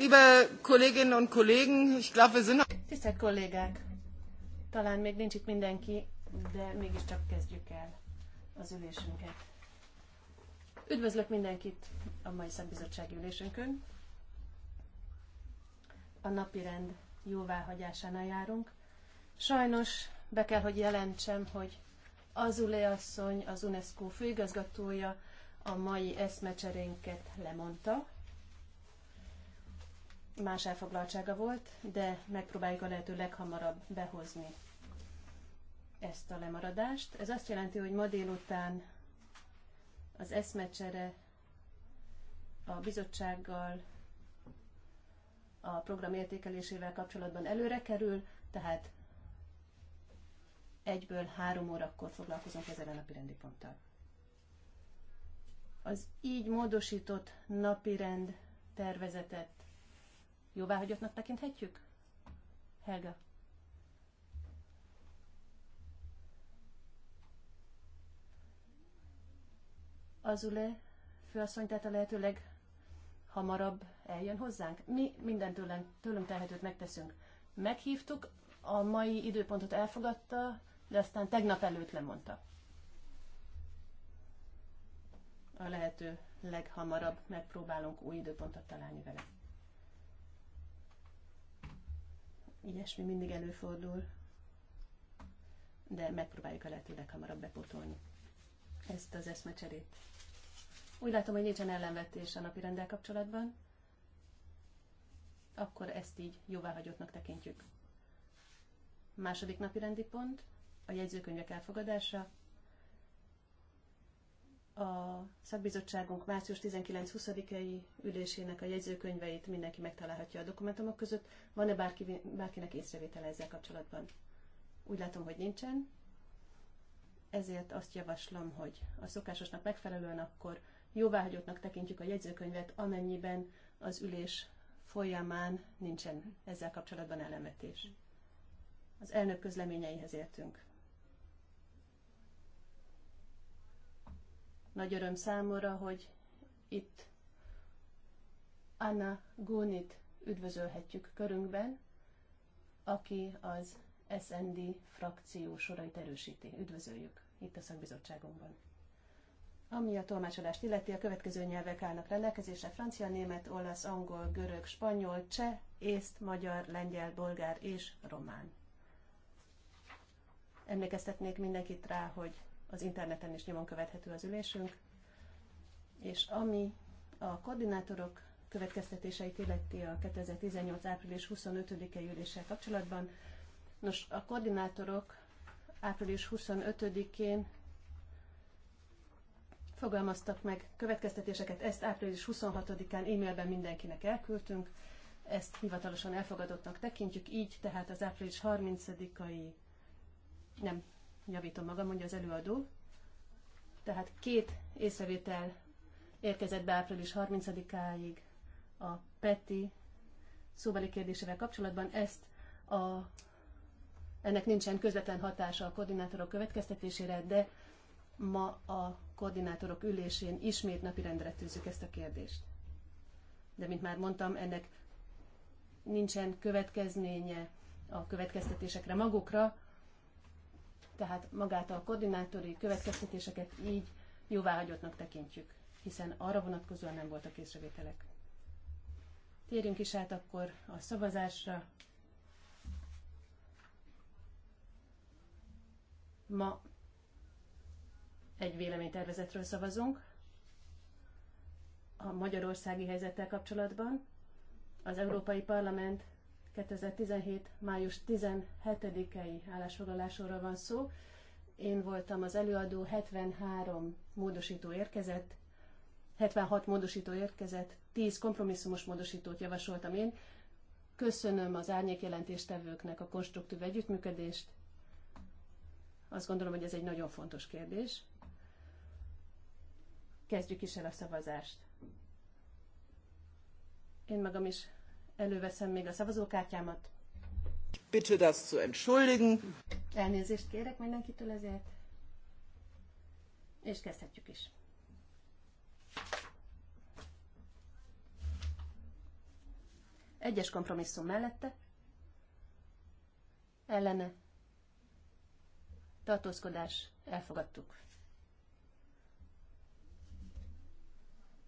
Liebe Kolleginnen und Kollegen, ich glaube, wir sind... Tisztelt kollégák! Talán még nincs itt mindenki, de mégiscsak kezdjük el az ülésünket. Üdvözlök mindenkit a mai szakbizottsági ülésünkön. A napi rend jóváhagyásánál járunk. Sajnos be kell, hogy jelentsem, hogy Azulé asszony, az UNESCO főigazgatója a mai eszmecserénket lemondta, más elfoglaltsága volt, de megpróbáljuk a lehető leghamarabb behozni ezt a lemaradást. Ez azt jelenti, hogy ma délután az eszmecsere a bizottsággal a program értékelésével kapcsolatban előre kerül, tehát egyből három órakor foglalkozunk ezzel a napi rendi ponttal. Az így módosított napirend tervezetet Jóváhagyottnak tekinthetjük? Helga. Azule főasszony tehát a lehető leghamarabb eljön hozzánk. Mi mindent tőlünk, tőlünk tehetőt megteszünk. Meghívtuk, a mai időpontot elfogadta, de aztán tegnap előtt lemondta. A lehető leghamarabb megpróbálunk új időpontot találni vele. Ilyesmi mindig előfordul, de megpróbáljuk a lehető leghamarabb bepotolni ezt az eszmecserét. Úgy látom, hogy nincsen ellenvetés a napi rendel kapcsolatban, akkor ezt így jóváhagyottnak tekintjük. Második napi rendi pont, a jegyzőkönyvek elfogadása, a szakbizottságunk március 19-20-ai ülésének a jegyzőkönyveit mindenki megtalálhatja a dokumentumok között. Van-e bárki, bárkinek észrevétele ezzel kapcsolatban? Úgy látom, hogy nincsen. Ezért azt javaslom, hogy a szokásosnak megfelelően akkor jóváhagyottnak tekintjük a jegyzőkönyvet, amennyiben az ülés folyamán nincsen ezzel kapcsolatban elemetés. Az elnök közleményeihez értünk. Nagy öröm számomra, hogy itt Anna Gónit üdvözölhetjük körünkben, aki az SND frakció sorait erősíti. Üdvözöljük itt a szakbizottságunkban. Ami a tolmácsolást illeti, a következő nyelvek állnak rendelkezésre. Francia, német, olasz, angol, görög, spanyol, cseh, észt, magyar, lengyel, bolgár és román. Emlékeztetnék mindenkit rá, hogy az interneten is nyomon követhető az ülésünk. És ami a koordinátorok következtetéseit illeti a 2018. április 25-e üléssel kapcsolatban, nos, a koordinátorok április 25-én fogalmaztak meg következtetéseket, ezt április 26-án e-mailben mindenkinek elküldtünk, ezt hivatalosan elfogadottnak tekintjük, így tehát az április 30-ai, nem, javítom magam, mondja az előadó. Tehát két észrevétel érkezett be április 30-áig a Peti szóbeli kérdésével kapcsolatban. Ezt a, ennek nincsen közvetlen hatása a koordinátorok következtetésére, de ma a koordinátorok ülésén ismét napirendre tűzzük ezt a kérdést. De mint már mondtam, ennek nincsen következménye a következtetésekre magukra, tehát magát a koordinátori következtetéseket így jóváhagyottnak tekintjük, hiszen arra vonatkozóan nem voltak észrevételek. Térjünk is át akkor a szavazásra. Ma egy véleménytervezetről szavazunk a magyarországi helyzettel kapcsolatban. Az Európai Parlament 2017. május 17-i állásfoglalásról van szó. Én voltam az előadó, 73 módosító érkezett, 76 módosító érkezett, 10 kompromisszumos módosítót javasoltam én. Köszönöm az árnyékjelentéstevőknek a konstruktív együttműködést. Azt gondolom, hogy ez egy nagyon fontos kérdés. Kezdjük is el a szavazást. Én magam is Előveszem még a szavazókártyámat. Bitte das zu entschuldigen. Elnézést kérek mindenkitől ezért. És kezdhetjük is. Egyes kompromisszum mellette. Ellene. Tartózkodás. Elfogadtuk.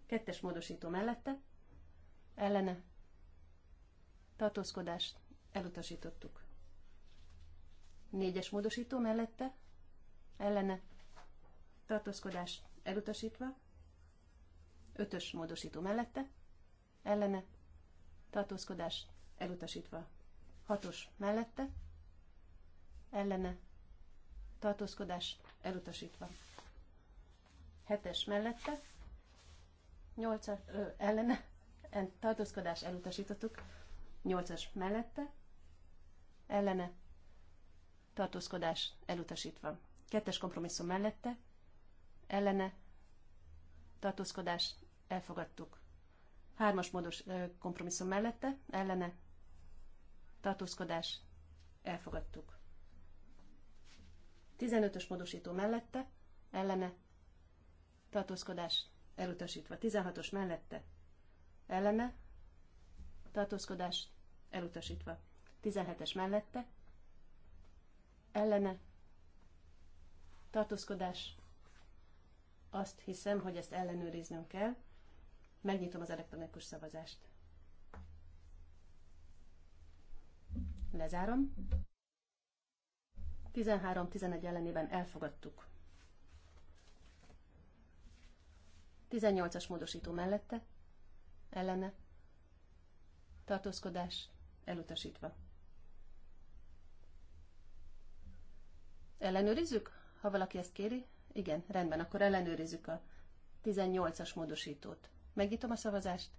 Kettes módosító mellette. Ellene tartózkodást elutasítottuk. Négyes módosító mellette, ellene, tartózkodás elutasítva, ötös módosító mellette, ellene, tartózkodás elutasítva, hatos mellette, ellene, tartózkodás elutasítva, hetes mellette, nyolcas, ö, ellene, en, tartózkodás elutasítottuk, 8-as mellette, ellene, tartózkodás elutasítva. Kettes kompromisszum mellette, ellene, tartózkodás elfogadtuk. Hármas módos kompromisszum mellette, ellene, tartózkodás elfogadtuk. 15-ös módosító mellette, ellene, tartózkodás elutasítva. 16-os mellette, ellene, tartózkodás elutasítva. 17-es mellette, ellene, tartózkodás, azt hiszem, hogy ezt ellenőriznünk kell. Megnyitom az elektronikus szavazást. Lezárom. 13-11 ellenében elfogadtuk. 18-as módosító mellette, ellene, tartózkodás, Elutasítva. Ellenőrizzük, ha valaki ezt kéri? Igen, rendben, akkor ellenőrizzük a 18-as módosítót. Megnyitom a szavazást.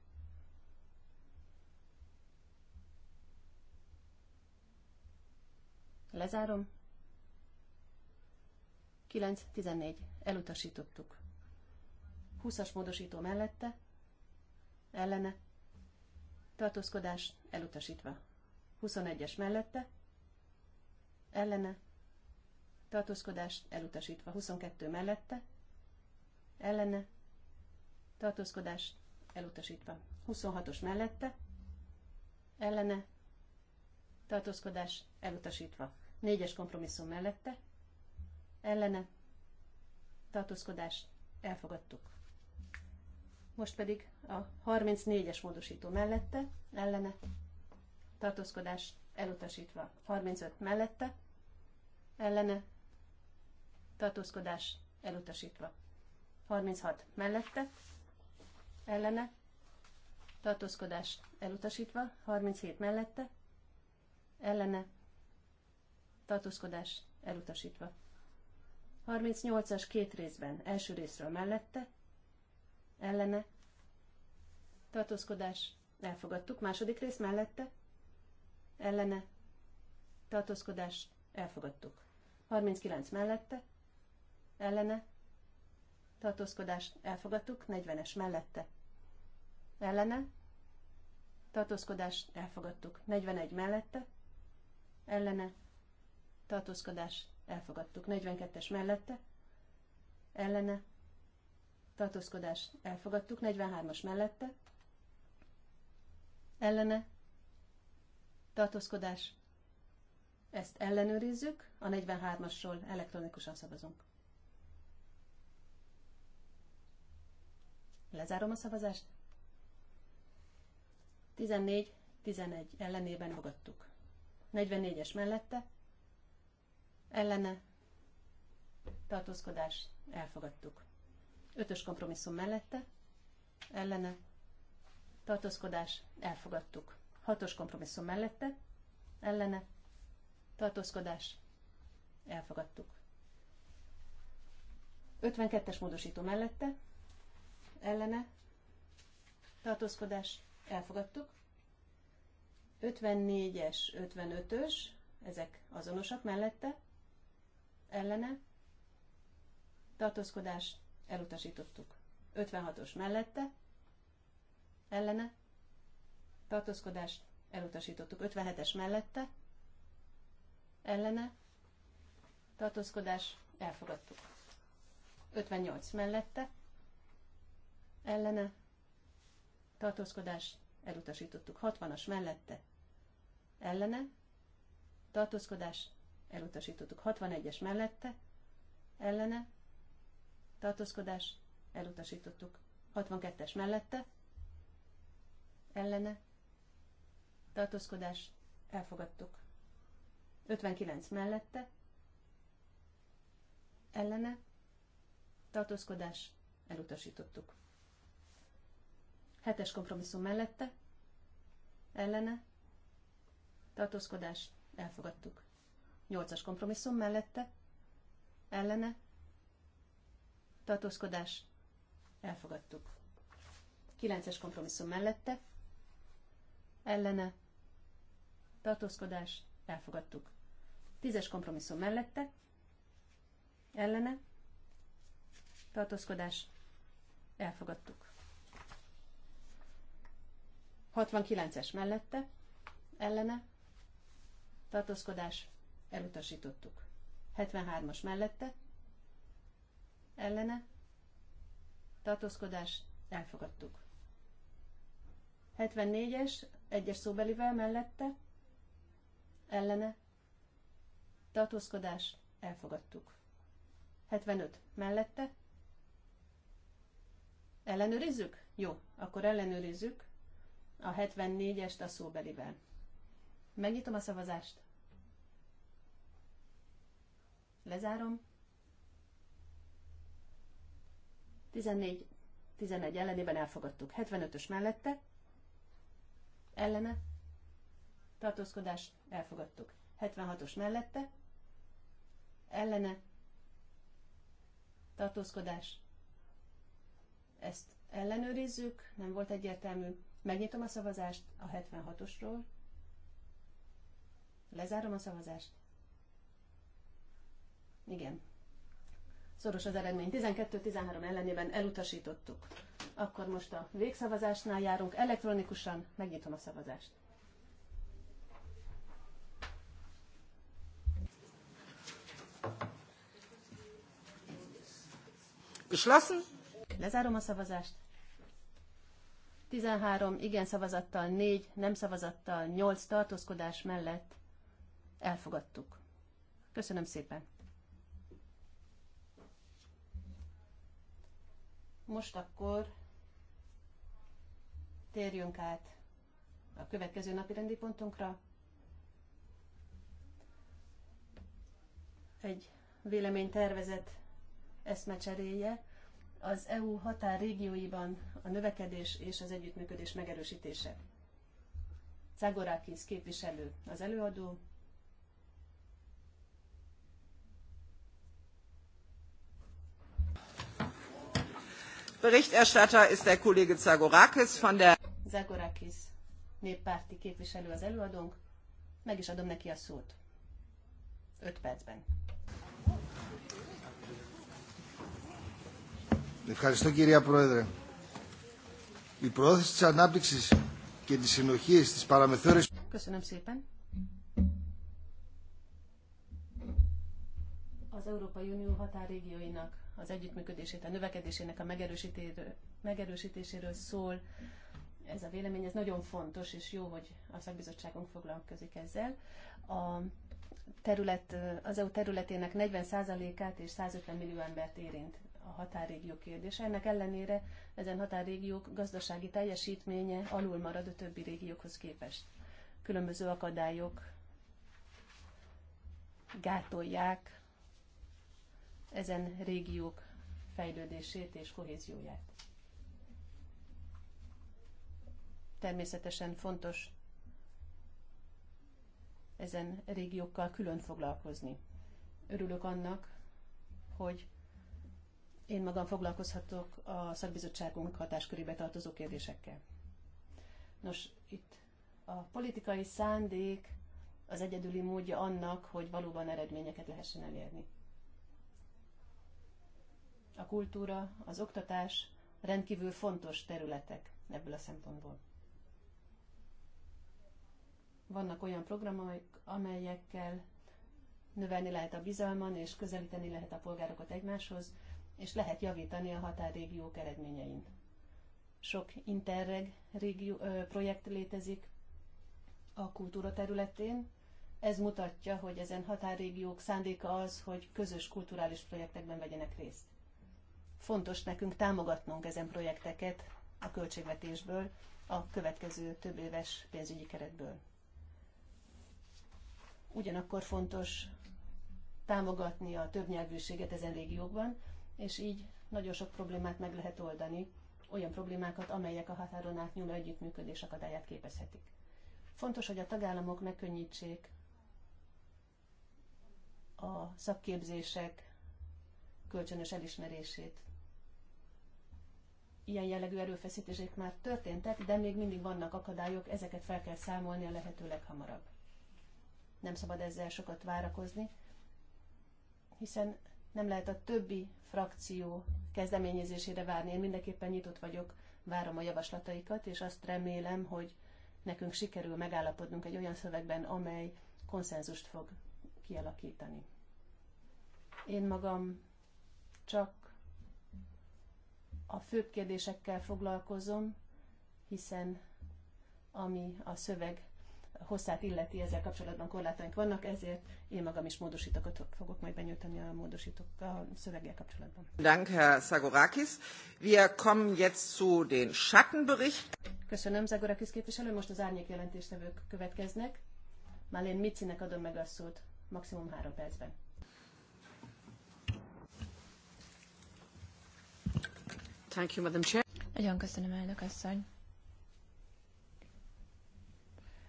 Lezárom. 9-14. Elutasítottuk. 20-as módosító mellette. Ellene tartózkodás elutasítva. 21-es mellette, ellene, tartózkodás elutasítva. 22 mellette, ellene, tartózkodás elutasítva. 26-os mellette, ellene, tartózkodás elutasítva. 4-es kompromisszum mellette, ellene, tartózkodás elfogadtuk. Most pedig a 34-es módosító mellette, ellene, tartózkodás elutasítva. 35 mellette, ellene, tartózkodás elutasítva. 36 mellette, ellene, tartózkodás elutasítva. 37 mellette, ellene, tartózkodás elutasítva. 38-as két részben, első részről mellette, ellene, tartózkodás, elfogadtuk. Második rész mellette, ellene, tartózkodás, elfogadtuk. 39 mellette, ellene, tartózkodás, elfogadtuk. 40-es mellette, ellene, tartózkodás, elfogadtuk. 41 mellette, ellene, tartózkodás, elfogadtuk. 42-es mellette, ellene, tartózkodás elfogadtuk, 43-as mellette, ellene, tartózkodás, ezt ellenőrizzük, a 43-asról elektronikusan szavazunk. Lezárom a szavazást. 14-11 ellenében fogadtuk. 44-es mellette, ellene, tartózkodás, elfogadtuk. Ötös kompromisszum mellette, ellene, tartózkodás, elfogadtuk. Hatos kompromisszum mellette, ellene, tartózkodás, elfogadtuk. 52-es módosító mellette, ellene, tartózkodás, elfogadtuk. 54-es, 55-ös, ezek azonosak mellette, ellene, tartózkodás, elutasítottuk. 56-os mellette, ellene, tartózkodás, elutasítottuk. 57-es mellette, ellene, tartózkodás, elfogadtuk. 58 mellette, ellene, tartózkodás, elutasítottuk. 60-as mellette, ellene, tartózkodás, elutasítottuk. 61-es mellette, ellene, tartózkodás, elutasítottuk. 62-es mellette, ellene, tartózkodás, elfogadtuk. 59 mellette, ellene, tartózkodás, elutasítottuk. 7-es kompromisszum mellette, ellene, tartózkodás, elfogadtuk. 8-as kompromisszum mellette, ellene, tartózkodás, elfogadtuk. kilences kompromisszum mellette, ellene, tartózkodás, elfogadtuk. Tízes kompromisszum mellette, ellene, tartózkodás, elfogadtuk. 69-es mellette, ellene, tartózkodás, elutasítottuk. 73-as mellette, ellene, tartózkodás, elfogadtuk. 74-es, egyes szóbelivel mellette, ellene, tartózkodás, elfogadtuk. 75 mellette, ellenőrizzük? Jó, akkor ellenőrizzük a 74-est a szóbelivel. Megnyitom a szavazást. Lezárom. 14, 11 ellenében elfogadtuk. 75-ös mellette, ellene, tartózkodás, elfogadtuk. 76-os mellette, ellene, tartózkodás, ezt ellenőrizzük, nem volt egyértelmű. Megnyitom a szavazást a 76-osról, lezárom a szavazást. Igen, Szoros az eredmény. 12-13 ellenében elutasítottuk. Akkor most a végszavazásnál járunk. Elektronikusan megnyitom a szavazást. Geschlossen. Lezárom a szavazást. 13 igen szavazattal, 4 nem szavazattal, 8 tartózkodás mellett elfogadtuk. Köszönöm szépen! Most akkor térjünk át a következő napi rendi pontunkra. Egy véleménytervezet eszmecseréje az EU régióiban a növekedés és az együttműködés megerősítése. Cagorakis képviselő az előadó, Berichterstatter ist der Kollege Zagorakis von der... Zagorakis, néppárti képviselő az előadónk. Meg is adom neki a szót. Öt percben. Ευχαριστώ κυρία Πρόεδρε. Η πρόθεση της ανάπτυξης και της συνοχής της παραμεθόρες... Köszönöm szépen. Az Európai Unió határrégióinak az együttműködését, a növekedésének a megerősítéséről, szól ez a vélemény, ez nagyon fontos, és jó, hogy a szakbizottságunk foglalkozik ezzel. A terület, az EU területének 40%-át és 150 millió embert érint a határrégió kérdése. Ennek ellenére ezen határrégiók gazdasági teljesítménye alul marad a többi régiókhoz képest. Különböző akadályok gátolják ezen régiók fejlődését és kohézióját. Természetesen fontos ezen régiókkal külön foglalkozni. Örülök annak, hogy én magam foglalkozhatok a szakbizottságunk hatáskörébe tartozó kérdésekkel. Nos, itt a politikai szándék az egyedüli módja annak, hogy valóban eredményeket lehessen elérni a kultúra, az oktatás rendkívül fontos területek ebből a szempontból. Vannak olyan programok, amelyekkel növelni lehet a bizalman, és közelíteni lehet a polgárokat egymáshoz, és lehet javítani a határrégiók eredményein. Sok interreg régió, ö, projekt létezik a kultúra területén. Ez mutatja, hogy ezen határrégiók szándéka az, hogy közös kulturális projektekben vegyenek részt. Fontos nekünk támogatnunk ezen projekteket a költségvetésből, a következő több éves pénzügyi keretből. Ugyanakkor fontos támogatni a többnyelvűséget ezen régiókban, és így nagyon sok problémát meg lehet oldani, olyan problémákat, amelyek a határon átnyúló együttműködés akadályát képezhetik. Fontos, hogy a tagállamok megkönnyítsék a szakképzések kölcsönös elismerését ilyen jellegű erőfeszítések már történtek, de még mindig vannak akadályok, ezeket fel kell számolni a lehető leghamarabb. Nem szabad ezzel sokat várakozni, hiszen nem lehet a többi frakció kezdeményezésére várni. Én mindenképpen nyitott vagyok, várom a javaslataikat, és azt remélem, hogy nekünk sikerül megállapodnunk egy olyan szövegben, amely konszenzust fog kialakítani. Én magam csak a főbb kérdésekkel foglalkozom, hiszen ami a szöveg hosszát illeti, ezzel kapcsolatban korlátaink vannak, ezért én magam is módosítókat fogok majd benyújtani a módosítók a szöveggel kapcsolatban. Dank, Herr Sagorakis. Wir kommen jetzt zu den Schattenbericht. Köszönöm, Zagorakis képviselő. Most az árnyék jelentéstevők következnek. Málén Micinek adom meg a szót maximum három percben. Thank you, Madam Chair. Nagyon köszönöm, elnök asszony.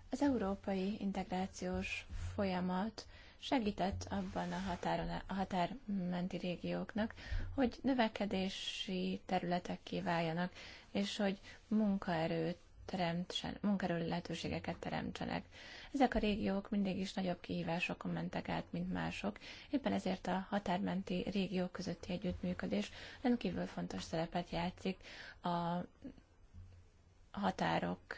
Az európai integrációs folyamat segített abban a, határon, a határmenti régióknak, hogy növekedési területek kiváljanak, és hogy munkaerőt teremtsen, munkaerő lehetőségeket teremtsenek. Ezek a régiók mindig is nagyobb kihívásokon mentek át, mint mások, éppen ezért a határmenti régiók közötti együttműködés rendkívül fontos szerepet játszik a határok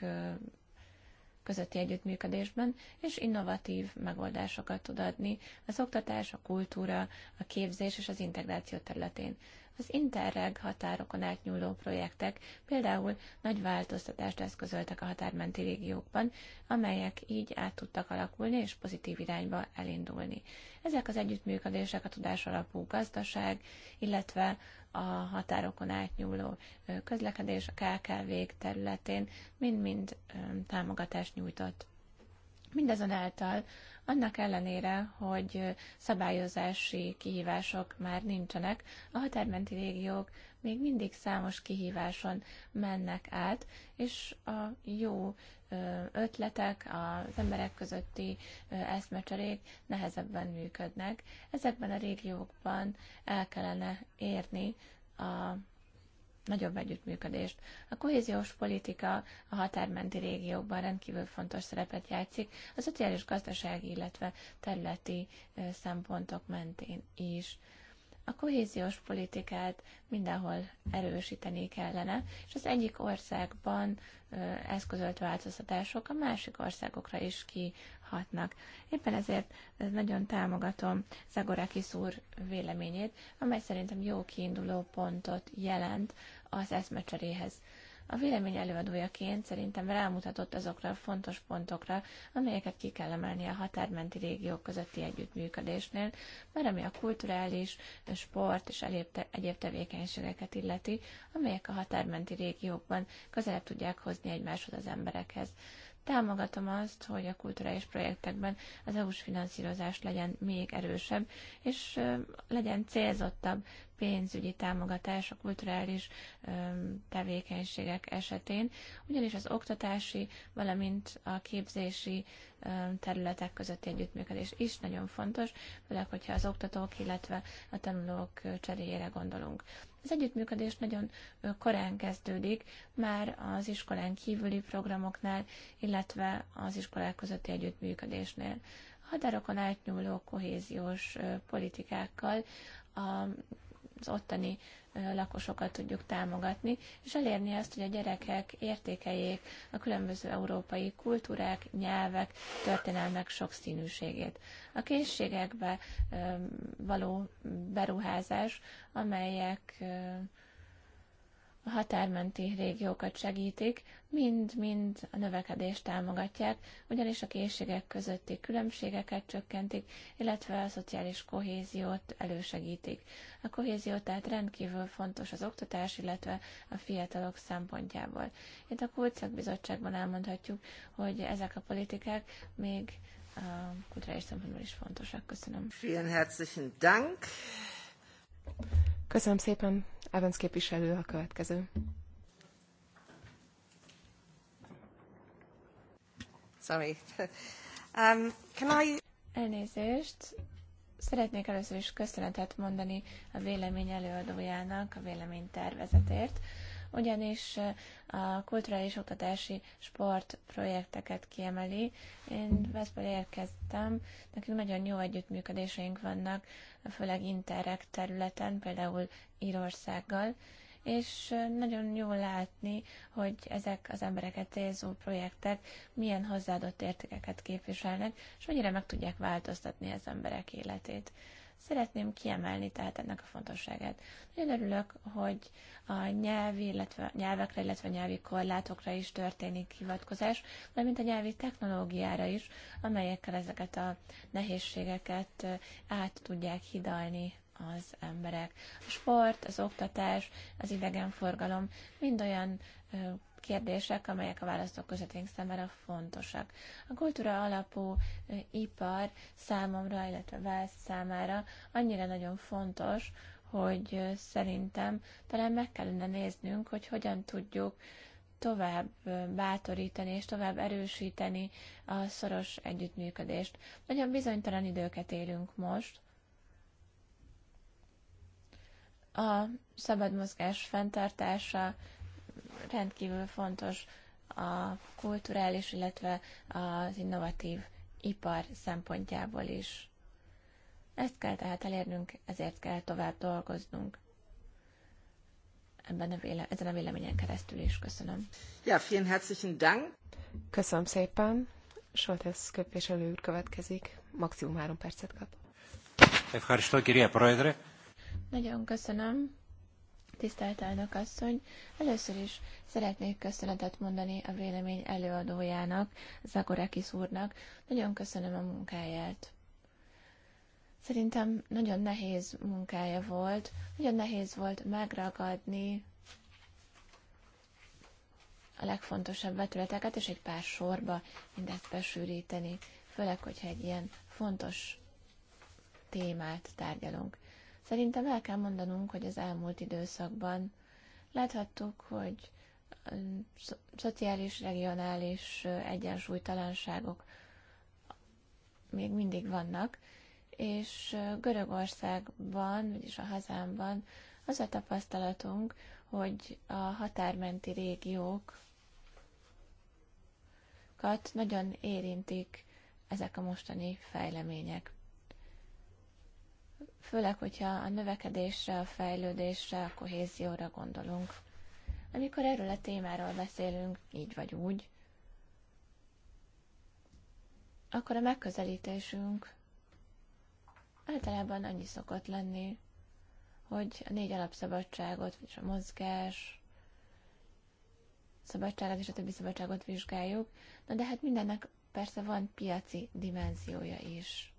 közötti együttműködésben, és innovatív megoldásokat tud adni az oktatás, a kultúra, a képzés és az integráció területén. Az Interreg határokon átnyúló projektek például nagy változtatást eszközöltek a határmenti régiókban, amelyek így át tudtak alakulni és pozitív irányba elindulni. Ezek az együttműködések a tudás alapú gazdaság, illetve a határokon átnyúló közlekedés, a kkv területén mind-mind támogatást nyújtott. Mindazonáltal annak ellenére, hogy szabályozási kihívások már nincsenek, a határmenti régiók még mindig számos kihíváson mennek át, és a jó ötletek, az emberek közötti eszmecserék nehezebben működnek. Ezekben a régiókban el kellene érni a nagyobb együttműködést. A kohéziós politika a határmenti régiókban rendkívül fontos szerepet játszik, a szociális gazdasági, illetve területi szempontok mentén is. A kohéziós politikát mindenhol erősíteni kellene, és az egyik országban eszközölt változtatások a másik országokra is kihatnak. Éppen ezért nagyon támogatom Zagorakis úr véleményét, amely szerintem jó kiinduló pontot jelent az eszmecseréhez. A vélemény előadójaként szerintem rámutatott azokra a fontos pontokra, amelyeket ki kell emelni a határmenti régiók közötti együttműködésnél, mert ami a kulturális, a sport és egyéb tevékenységeket illeti, amelyek a határmenti régiókban közelebb tudják hozni egymáshoz az emberekhez. Támogatom azt, hogy a kulturális projektekben az EU-s finanszírozás legyen még erősebb, és legyen célzottabb pénzügyi támogatás a kulturális tevékenységek esetén, ugyanis az oktatási, valamint a képzési területek közötti együttműködés is nagyon fontos, főleg, hogyha az oktatók, illetve a tanulók cseréjére gondolunk. Az együttműködés nagyon korán kezdődik, már az iskolán kívüli programoknál, illetve az iskolák közötti együttműködésnél. A határokon átnyúló kohéziós politikákkal az ottani lakosokat tudjuk támogatni, és elérni azt, hogy a gyerekek értékeljék a különböző európai kultúrák, nyelvek, történelmek sokszínűségét. A készségekbe való beruházás, amelyek a határmenti régiókat segítik, mind-mind a növekedést támogatják, ugyanis a készségek közötti különbségeket csökkentik, illetve a szociális kohéziót elősegítik. A kohézió tehát rendkívül fontos az oktatás, illetve a fiatalok szempontjából. Itt a Kulcsak Bizottságban elmondhatjuk, hogy ezek a politikák még a kulturális szempontból is fontosak. Köszönöm. Vielen herzlichen Dank. Köszönöm szépen Evans képviselő a következő. Sorry. Um, can I... Elnézést. Szeretnék először is köszönetet mondani a vélemény előadójának a vélemény tervezetért ugyanis a kulturális oktatási sportprojekteket kiemeli. Én Veszből érkeztem, nekünk nagyon jó együttműködéseink vannak, főleg interreg területen, például Írországgal, és nagyon jó látni, hogy ezek az embereket célzó projektek milyen hozzáadott értékeket képviselnek, és mennyire meg tudják változtatni az emberek életét. Szeretném kiemelni tehát ennek a fontosságát. Nagyon örülök, hogy a nyelvi, illetve nyelvekre, illetve nyelvi korlátokra is történik hivatkozás, valamint a nyelvi technológiára is, amelyekkel ezeket a nehézségeket át tudják hidalni az emberek. A sport, az oktatás, az idegenforgalom mind olyan kérdések, amelyek a választók közöttünk számára fontosak. A kultúra alapú ipar számomra, illetve válasz számára annyira nagyon fontos, hogy szerintem talán meg kellene néznünk, hogy hogyan tudjuk tovább bátorítani és tovább erősíteni a szoros együttműködést. Nagyon bizonytalan időket élünk most. A szabad mozgás fenntartása, rendkívül fontos a kulturális, illetve az innovatív ipar szempontjából is. Ezt kell tehát elérnünk, ezért kell tovább dolgoznunk. Ebben a véle- ezen a véleményen keresztül is köszönöm. Ja, vielen herzlichen Dank. Köszönöm szépen. Soltesz képviselő úr következik. Maximum három percet kap. Nagyon köszönöm. Tisztelt elnök asszony, először is szeretnék köszönetet mondani a vélemény előadójának, Zagorakis úrnak. Nagyon köszönöm a munkáját. Szerintem nagyon nehéz munkája volt, nagyon nehéz volt megragadni a legfontosabb vetületeket, és egy pár sorba mindezt besűríteni, főleg, hogyha egy ilyen fontos témát tárgyalunk. Szerintem el kell mondanunk, hogy az elmúlt időszakban láthattuk, hogy szociális, regionális egyensúlytalanságok még mindig vannak, és Görögországban, vagyis a hazámban az a tapasztalatunk, hogy a határmenti régiókat nagyon érintik ezek a mostani fejlemények főleg, hogyha a növekedésre, a fejlődésre, a kohézióra gondolunk. Amikor erről a témáról beszélünk, így vagy úgy, akkor a megközelítésünk általában annyi szokott lenni, hogy a négy alapszabadságot, vagyis a mozgás, szabadságot és a többi szabadságot vizsgáljuk. Na de hát mindennek persze van piaci dimenziója is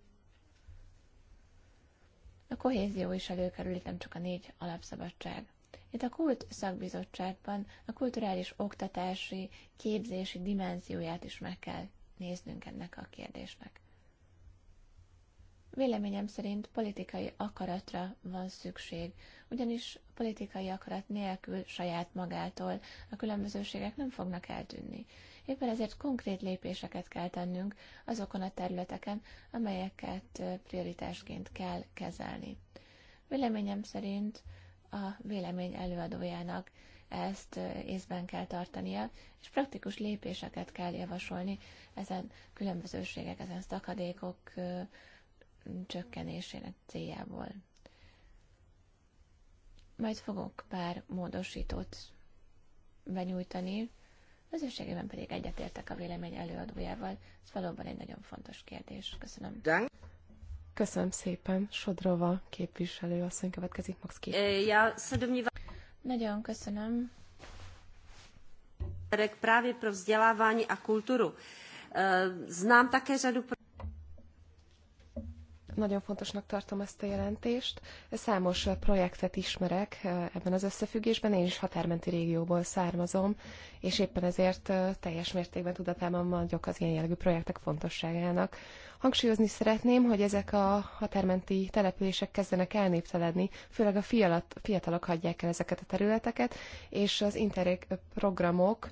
a kohézió is előkerül, itt nem csak a négy alapszabadság. Itt a Kult szakbizottságban a kulturális oktatási, képzési dimenzióját is meg kell néznünk ennek a kérdésnek. Véleményem szerint politikai akaratra van szükség, ugyanis politikai akarat nélkül saját magától a különbözőségek nem fognak eltűnni. Éppen ezért konkrét lépéseket kell tennünk azokon a területeken, amelyeket prioritásként kell kezelni. Véleményem szerint a vélemény előadójának ezt észben kell tartania, és praktikus lépéseket kell javasolni ezen különbözőségek, ezen szakadékok csökkenésének céljából. Majd fogok pár módosítót benyújtani, Összességében pedig egyetértek a vélemény előadójával. Ez valóban egy nagyon fontos kérdés. Köszönöm. Köszönöm szépen. Sodrova képviselő asszony következik, Max eh, képviselő. Ja, Nagyon köszönöm. Právě pro vzdělávání a kulturu. Eh, znám také řadu nagyon fontosnak tartom ezt a jelentést. Számos projektet ismerek eh, ebben az összefüggésben, én is határmenti régióból származom, és éppen ezért eh, teljes mértékben tudatában vagyok az ilyen jellegű projektek fontosságának. Hangsúlyozni szeretném, hogy ezek a határmenti települések kezdenek elnéptelenni, főleg a fialat, fiatalok hagyják el ezeket a területeket, és az interreg programok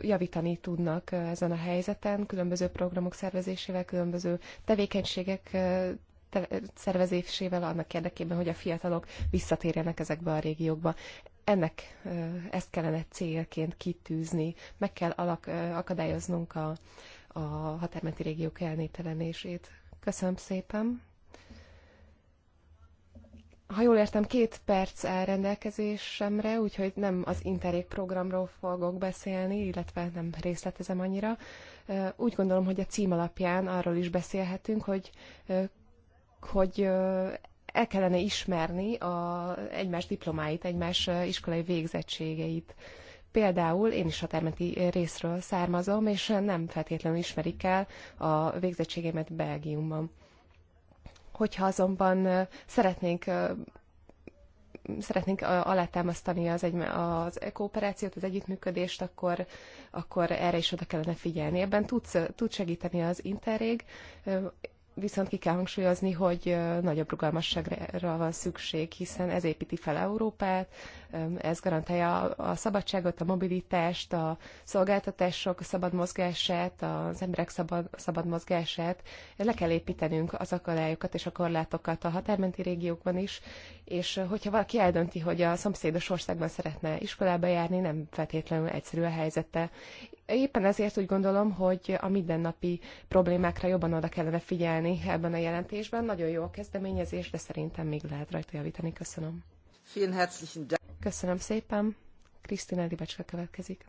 javítani tudnak ezen a helyzeten, különböző programok szervezésével, különböző tevékenységek szervezésével annak érdekében, hogy a fiatalok visszatérjenek ezekbe a régiókba. Ennek ezt kellene célként kitűzni, meg kell alak, akadályoznunk a, a határmenti régiók elnéptelenését. Köszönöm szépen! Ha jól értem, két perc elrendelkezésemre, úgyhogy nem az Interreg programról fogok beszélni, illetve nem részletezem annyira. Úgy gondolom, hogy a cím alapján arról is beszélhetünk, hogy, hogy el kellene ismerni a, egymás diplomáit, egymás iskolai végzettségeit. Például én is határmenti részről származom, és nem feltétlenül ismerik el a végzettségemet Belgiumban. Hogyha azonban szeretnénk szeretnénk alátámasztani az, egy, az kooperációt, az együttműködést, akkor, akkor erre is oda kellene figyelni. Ebben tudsz, tud segíteni az Interreg, viszont ki kell hangsúlyozni, hogy nagyobb rugalmasságra van szükség, hiszen ez építi fel Európát, ez garantálja a szabadságot, a mobilitást, a szolgáltatások szabad mozgását, az emberek szabad, szabad mozgását. Le kell építenünk az akadályokat és a korlátokat a határmenti régiókban is, és hogyha valaki eldönti, hogy a szomszédos országban szeretne iskolába járni, nem feltétlenül egyszerű a helyzete, éppen ezért úgy gondolom, hogy a mindennapi problémákra jobban oda kellene figyelni ebben a jelentésben. Nagyon jó a kezdeményezés, de szerintem még lehet rajta javítani. Köszönöm. Köszönöm szépen. Krisztina Libecska következik.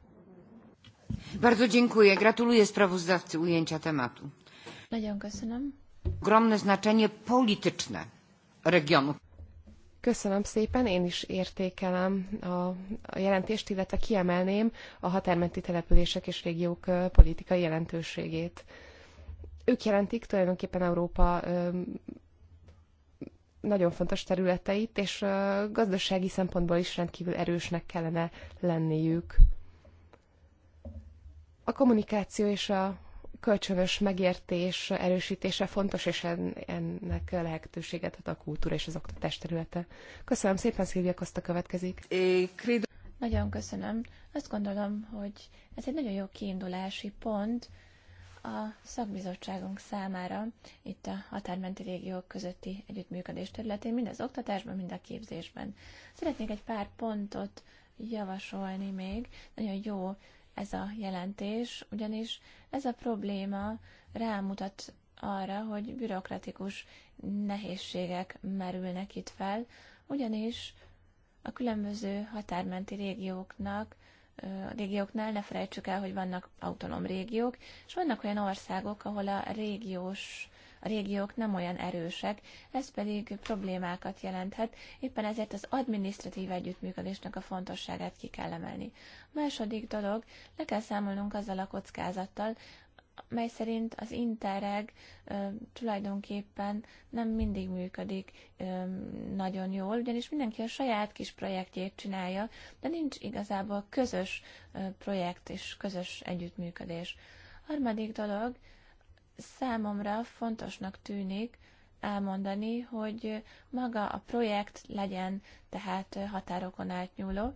Bardzo dziękuję. Gratuluję sprawozdawcy ujęcia tematu. Nagyon köszönöm. Ogromne znaczenie polityczne regionu. Köszönöm szépen, én is értékelem a, a jelentést, illetve kiemelném a határmenti települések és régiók politikai jelentőségét. Ők jelentik tulajdonképpen Európa nagyon fontos területeit, és gazdasági szempontból is rendkívül erősnek kellene lenniük. A kommunikáció és a kölcsönös megértés erősítése fontos, és ennek lehetőséget ad a kultúra és az oktatás területe. Köszönöm szépen, Szilvia Koszta következik. Nagyon köszönöm. Azt gondolom, hogy ez egy nagyon jó kiindulási pont a szakbizottságunk számára itt a határmenti régiók közötti együttműködés területén, mind az oktatásban, mind a képzésben. Szeretnék egy pár pontot javasolni még. Nagyon jó ez a jelentés, ugyanis ez a probléma rámutat arra, hogy bürokratikus nehézségek merülnek itt fel, ugyanis a különböző határmenti régióknak, a régióknál ne felejtsük el, hogy vannak autonóm régiók, és vannak olyan országok, ahol a régiós a régiók nem olyan erősek, ez pedig problémákat jelenthet, éppen ezért az adminisztratív együttműködésnek a fontosságát ki kell emelni. Második dolog, le kell számolnunk azzal a kockázattal, mely szerint az Interreg ö, tulajdonképpen nem mindig működik ö, nagyon jól, ugyanis mindenki a saját kis projektjét csinálja, de nincs igazából közös ö, projekt és közös együttműködés. Harmadik dolog, számomra fontosnak tűnik elmondani, hogy maga a projekt legyen tehát határokon átnyúló,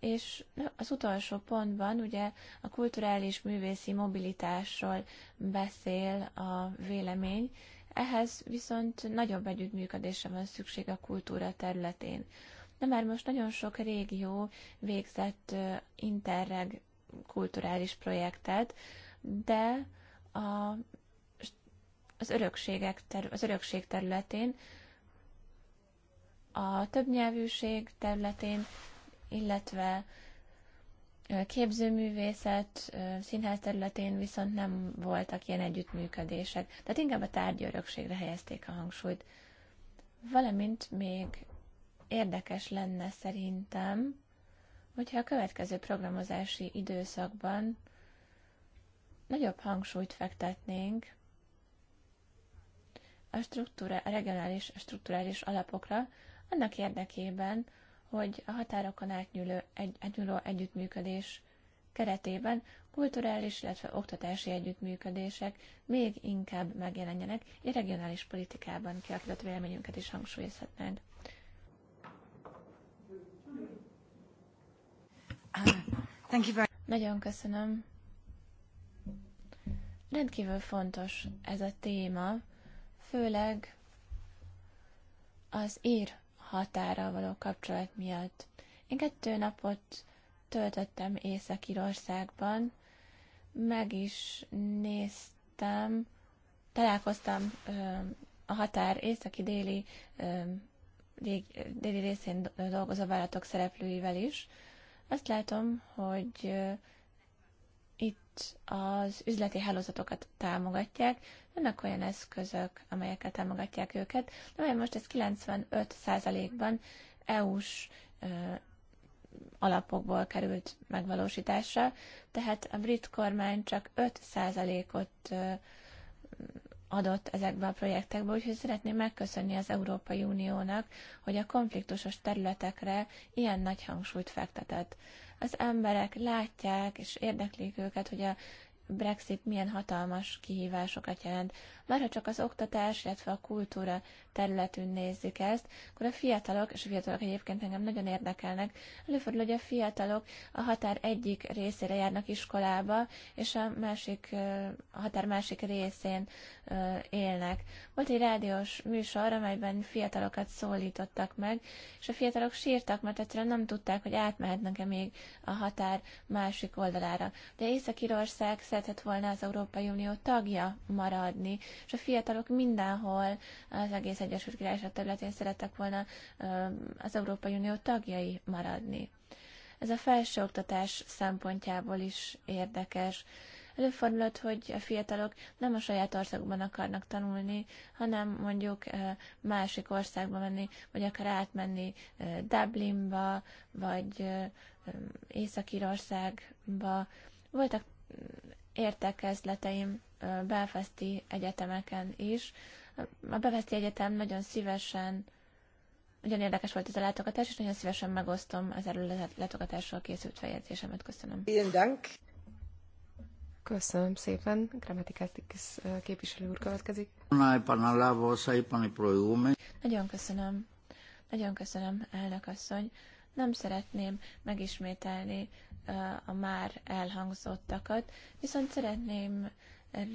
és az utolsó pontban ugye a kulturális művészi mobilitásról beszél a vélemény, ehhez viszont nagyobb együttműködésre van szükség a kultúra területén. De már most nagyon sok régió végzett interreg kulturális projektet, de a az, örökségek ter- az örökség területén, a többnyelvűség területén, illetve képzőművészet, színház területén viszont nem voltak ilyen együttműködések. Tehát inkább a tárgyi örökségre helyezték a hangsúlyt. Valamint még érdekes lenne szerintem, hogyha a következő programozási időszakban nagyobb hangsúlyt fektetnénk a, struktúra, a regionális a strukturális alapokra, annak érdekében, hogy a határokon átnyúló, egy, átnyúló együttműködés keretében kulturális, illetve oktatási együttműködések még inkább megjelenjenek, és regionális politikában kialakított véleményünket is hangsúlyozhatnád. Nagyon köszönöm. Rendkívül fontos ez a téma, főleg az ír határa való kapcsolat miatt. Én kettő napot töltöttem Észak-Írországban, meg is néztem, találkoztam ö, a határ északi-déli déli részén dolgozó vállalatok szereplőivel is. Azt látom, hogy az üzleti hálózatokat támogatják, vannak olyan eszközök, amelyekkel támogatják őket, de most ez 95%-ban EU-s alapokból került megvalósításra, tehát a brit kormány csak 5%-ot adott ezekbe a projektekbe, úgyhogy szeretném megköszönni az Európai Uniónak, hogy a konfliktusos területekre ilyen nagy hangsúlyt fektetett. Az emberek látják és érdeklik őket, hogy a Brexit milyen hatalmas kihívásokat jelent. Már ha csak az oktatás, illetve a kultúra területűn nézzük ezt, akkor a fiatalok, és a fiatalok egyébként engem nagyon érdekelnek, előfordul, hogy a fiatalok a határ egyik részére járnak iskolába, és a másik, a határ másik részén élnek. Volt egy rádiós műsor, amelyben fiatalokat szólítottak meg, és a fiatalok sírtak, mert egyszerűen nem tudták, hogy átmehetnek-e még a határ másik oldalára. De észak irország szeretett volna az Európai Unió tagja maradni, és a fiatalok mindenhol az egész Egyesült Királyság területén szerettek volna az Európai Unió tagjai maradni. Ez a felsőoktatás szempontjából is érdekes. Előfordulhat, hogy a fiatalok nem a saját országban akarnak tanulni, hanem mondjuk másik országba menni, vagy akár átmenni Dublinba, vagy Észak-Írországba. Voltak értekezleteim belfeszti egyetemeken is. A Beveszti Egyetem nagyon szívesen, nagyon érdekes volt ez a látogatás, és nagyon szívesen megosztom az erről a látogatásról készült fejezésemet. Köszönöm. Dank. Köszönöm szépen. Grammatikátikus képviselő úr következik. Nagyon köszönöm. Nagyon köszönöm, elnök asszony. Nem szeretném megismételni a már elhangzottakat, viszont szeretném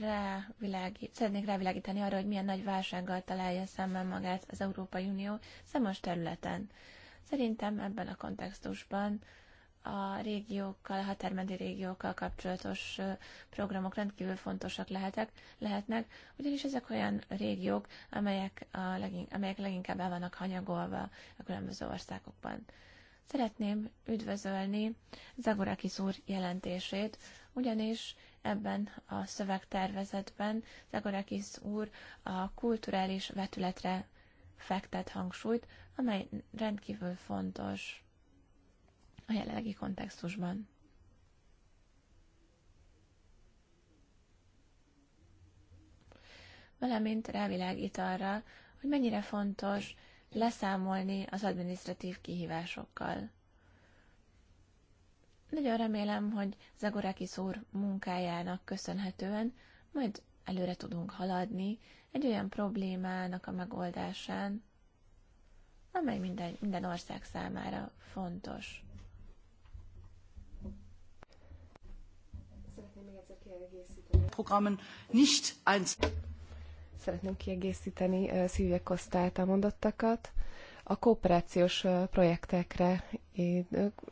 rávilágít, szeretnék rávilágítani arra, hogy milyen nagy válsággal találja szemben magát az Európai Unió számos területen. Szerintem ebben a kontextusban a régiókkal, a határmenti régiókkal kapcsolatos programok rendkívül fontosak lehetek, lehetnek, ugyanis ezek olyan régiók, amelyek, a legin, amelyek leginkább el vannak hanyagolva a különböző országokban. Szeretném üdvözölni Zagorakis úr jelentését, ugyanis ebben a szövegtervezetben Zagorakis úr a kulturális vetületre fektet hangsúlyt, amely rendkívül fontos a jelenlegi kontextusban. Valamint rávilágít arra, hogy mennyire fontos leszámolni az adminisztratív kihívásokkal. Nagyon remélem, hogy Zagoráki szór munkájának köszönhetően majd előre tudunk haladni egy olyan problémának a megoldásán, amely minden, minden ország számára fontos. Programmen nicht eins. Szeretném kiegészíteni Szilvia Koszta által mondottakat. A kooperációs projektekre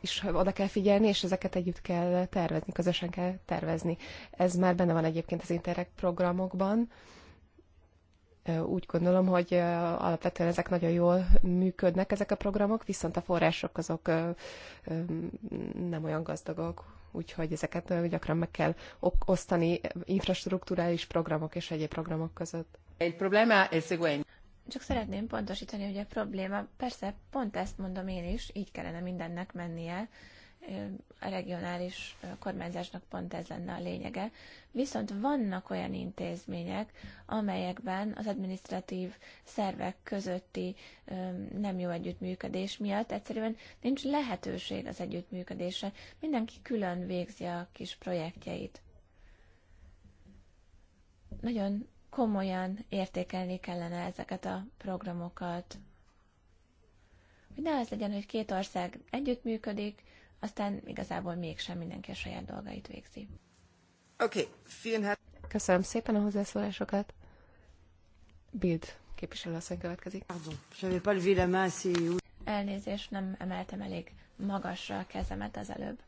is oda kell figyelni, és ezeket együtt kell tervezni, közösen kell tervezni. Ez már benne van egyébként az Interreg programokban. Úgy gondolom, hogy alapvetően ezek nagyon jól működnek, ezek a programok, viszont a források azok nem olyan gazdagok, úgyhogy ezeket gyakran meg kell osztani infrastruktúrális programok és egyéb programok között. Csak szeretném pontosítani, hogy a probléma, persze pont ezt mondom én is, így kellene mindennek mennie, a regionális kormányzásnak pont ez lenne a lényege. Viszont vannak olyan intézmények, amelyekben az administratív szervek közötti nem jó együttműködés miatt egyszerűen nincs lehetőség az együttműködésre. Mindenki külön végzi a kis projektjeit. Nagyon komolyan értékelni kellene ezeket a programokat. Hogy ne az legyen, hogy két ország együttműködik, aztán igazából mégsem mindenki a saját dolgait végzi. Oké, okay. Köszönöm szépen a hozzászólásokat. Bild asszony következik. Elnézést, nem emeltem elég magasra a kezemet az előbb.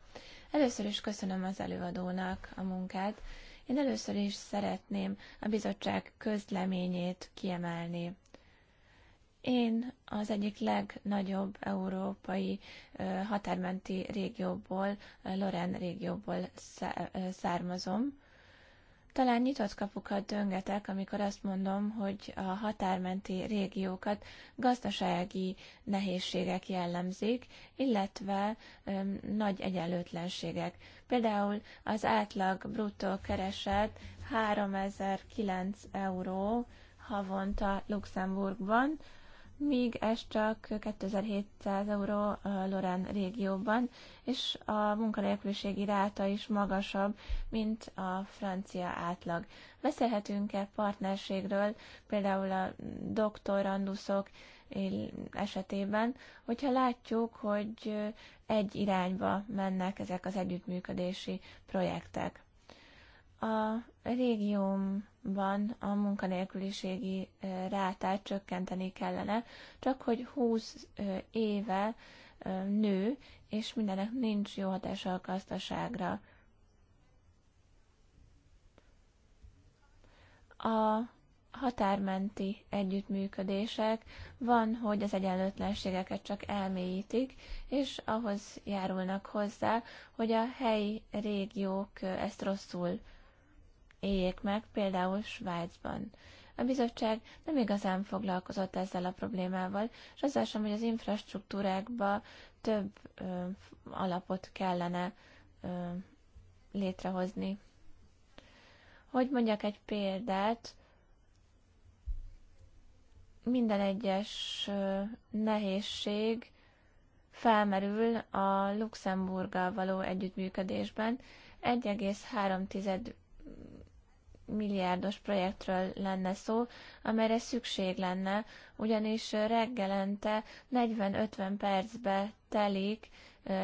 Először is köszönöm az előadónak a munkát, én először is szeretném a bizottság közleményét kiemelni. Én az egyik legnagyobb európai határmenti régióból, Loren régióból származom, talán nyitott kapukat döngetek, amikor azt mondom, hogy a határmenti régiókat gazdasági nehézségek jellemzik, illetve öm, nagy egyenlőtlenségek. Például az átlag bruttó kereset 3009 euró havonta Luxemburgban, míg ez csak 2700 euró a Lorán régióban, és a munkanélküliségi ráta is magasabb, mint a francia átlag. Beszélhetünk-e partnerségről, például a doktoranduszok esetében, hogyha látjuk, hogy egy irányba mennek ezek az együttműködési projektek. A régióm ban a munkanélküliségi rátát csökkenteni kellene, csak hogy 20 éve nő, és mindenek nincs jó hatása a gazdaságra. A határmenti együttműködések van, hogy az egyenlőtlenségeket csak elmélyítik, és ahhoz járulnak hozzá, hogy a helyi régiók ezt rosszul éljék meg, például Svájcban. A bizottság nem igazán foglalkozott ezzel a problémával, és azzal sem, hogy az infrastruktúrákba több ö, alapot kellene ö, létrehozni. Hogy mondjak egy példát, minden egyes ö, nehézség felmerül a Luxemburggal való együttműködésben. 1,3 milliárdos projektről lenne szó, amelyre szükség lenne, ugyanis reggelente 40-50 percbe telik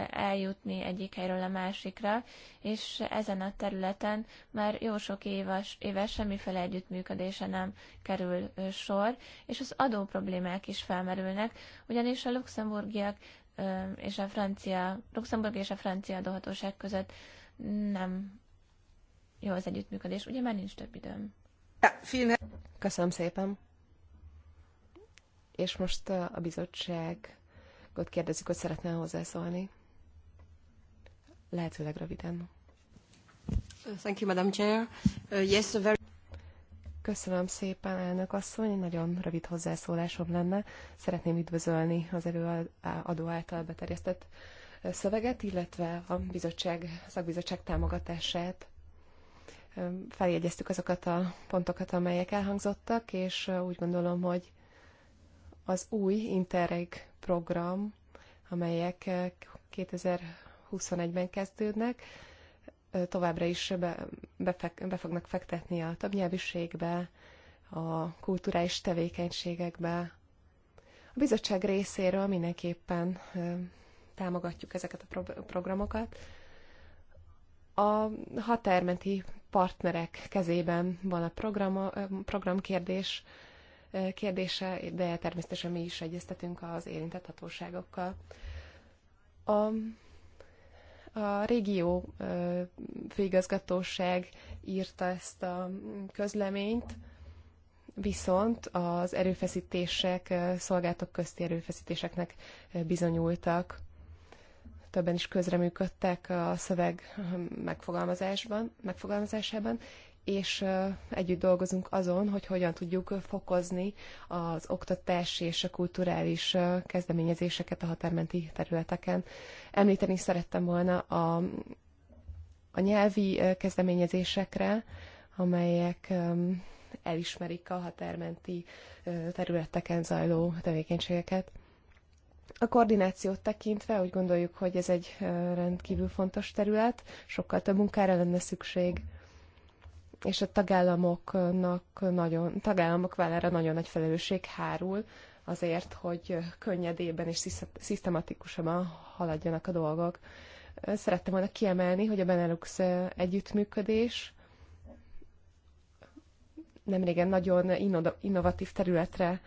eljutni egyik helyről a másikra, és ezen a területen már jó sok éves, éves semmiféle együttműködése nem kerül sor, és az adó problémák is felmerülnek, ugyanis a luxemburgiak és a francia, Luxemburg és a francia adóhatóság között nem jó az együttműködés. Ugye már nincs több időm. Köszönöm szépen. És most a bizottságot kérdezzük, hogy szeretne hozzászólni. Lehetőleg röviden. Thank you, Madam Chair. Uh, yes, very... Köszönöm szépen, elnök asszony, nagyon rövid hozzászólásom lenne. Szeretném üdvözölni az előadó által beterjesztett szöveget, illetve a bizottság, szakbizottság támogatását feljegyeztük azokat a pontokat, amelyek elhangzottak, és úgy gondolom, hogy az új Interreg program, amelyek 2021-ben kezdődnek, továbbra is be, befek, be fognak fektetni a többnyelvűségbe, a kulturális tevékenységekbe. A bizottság részéről mindenképpen támogatjuk ezeket a programokat, a határmenti partnerek kezében van a program, eh, kérdés, eh, kérdése, de természetesen mi is egyeztetünk az érintett hatóságokkal. A a régió eh, főigazgatóság írta ezt a közleményt, viszont az erőfeszítések, szolgáltok közti erőfeszítéseknek bizonyultak többen is közreműködtek a szöveg megfogalmazásban, megfogalmazásában, és együtt dolgozunk azon, hogy hogyan tudjuk fokozni az oktatási és a kulturális kezdeményezéseket a határmenti területeken. Említeni szerettem volna a, a nyelvi kezdeményezésekre, amelyek elismerik a határmenti területeken zajló tevékenységeket. A koordinációt tekintve úgy gondoljuk, hogy ez egy rendkívül fontos terület, sokkal több munkára lenne szükség, és a tagállamoknak nagyon, tagállamok vállára nagyon nagy felelősség hárul azért, hogy könnyedében és szisztematikusabban haladjanak a dolgok. Szerettem volna kiemelni, hogy a Benelux együttműködés nemrégen nagyon innovatív területre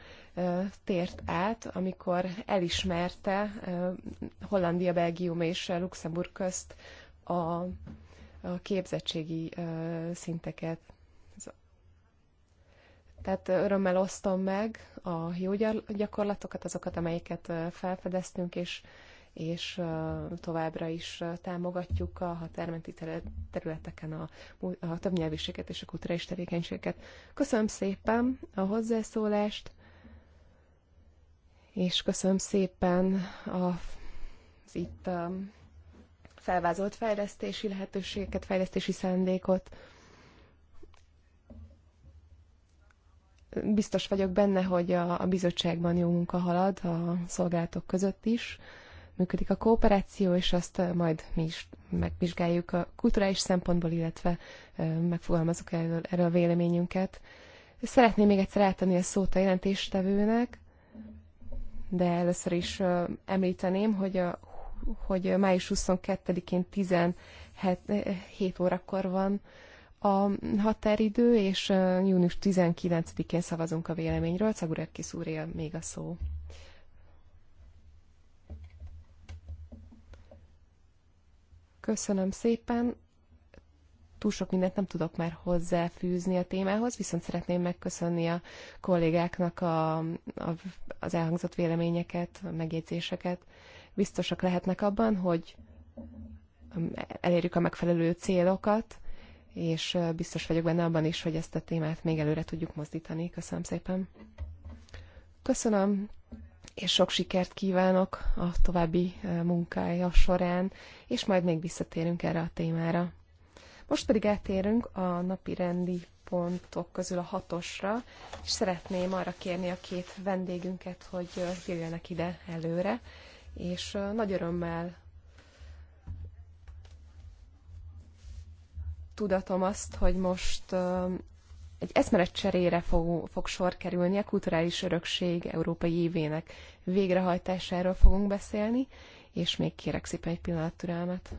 tért át, amikor elismerte Hollandia, Belgium és Luxemburg közt a, a képzettségi szinteket. Tehát örömmel osztom meg a jó gyakorlatokat, azokat, amelyeket felfedeztünk, és, és továbbra is támogatjuk a határmenti területeken a, a többnyelviséget és a kulturális tevékenységet. Köszönöm szépen a hozzászólást! és köszönöm szépen az itt um, felvázolt fejlesztési lehetőségeket, fejlesztési szándékot. Biztos vagyok benne, hogy a, a bizottságban jó munka halad, a szolgálatok között is működik a kooperáció, és azt uh, majd mi is megvizsgáljuk a kulturális szempontból, illetve uh, megfogalmazok erről, erről a véleményünket. Szeretném még egyszer átadni a szót a jelentéstevőnek, de először is említeném, hogy, a, hogy május 22-én 17 eh, órakor van a határidő, és június 19-én szavazunk a véleményről. Cagurerkis úré még a szó. Köszönöm szépen túl sok mindent nem tudok már hozzáfűzni a témához, viszont szeretném megköszönni a kollégáknak a, a, az elhangzott véleményeket, a megjegyzéseket. Biztosak lehetnek abban, hogy um, elérjük a megfelelő célokat, és uh, biztos vagyok benne abban is, hogy ezt a témát még előre tudjuk mozdítani. Köszönöm szépen. Köszönöm, és sok sikert kívánok a további uh, munkája során, és majd még visszatérünk erre a témára. Most pedig eltérünk a napi rendi pontok közül a hatosra, és szeretném arra kérni a két vendégünket, hogy jöjjenek ide előre, és nagy örömmel tudatom azt, hogy most egy eszmeret cserére fog, fog sor kerülni, a kulturális örökség európai évének végrehajtásáról fogunk beszélni, és még kérek szépen egy pillanat türelmet.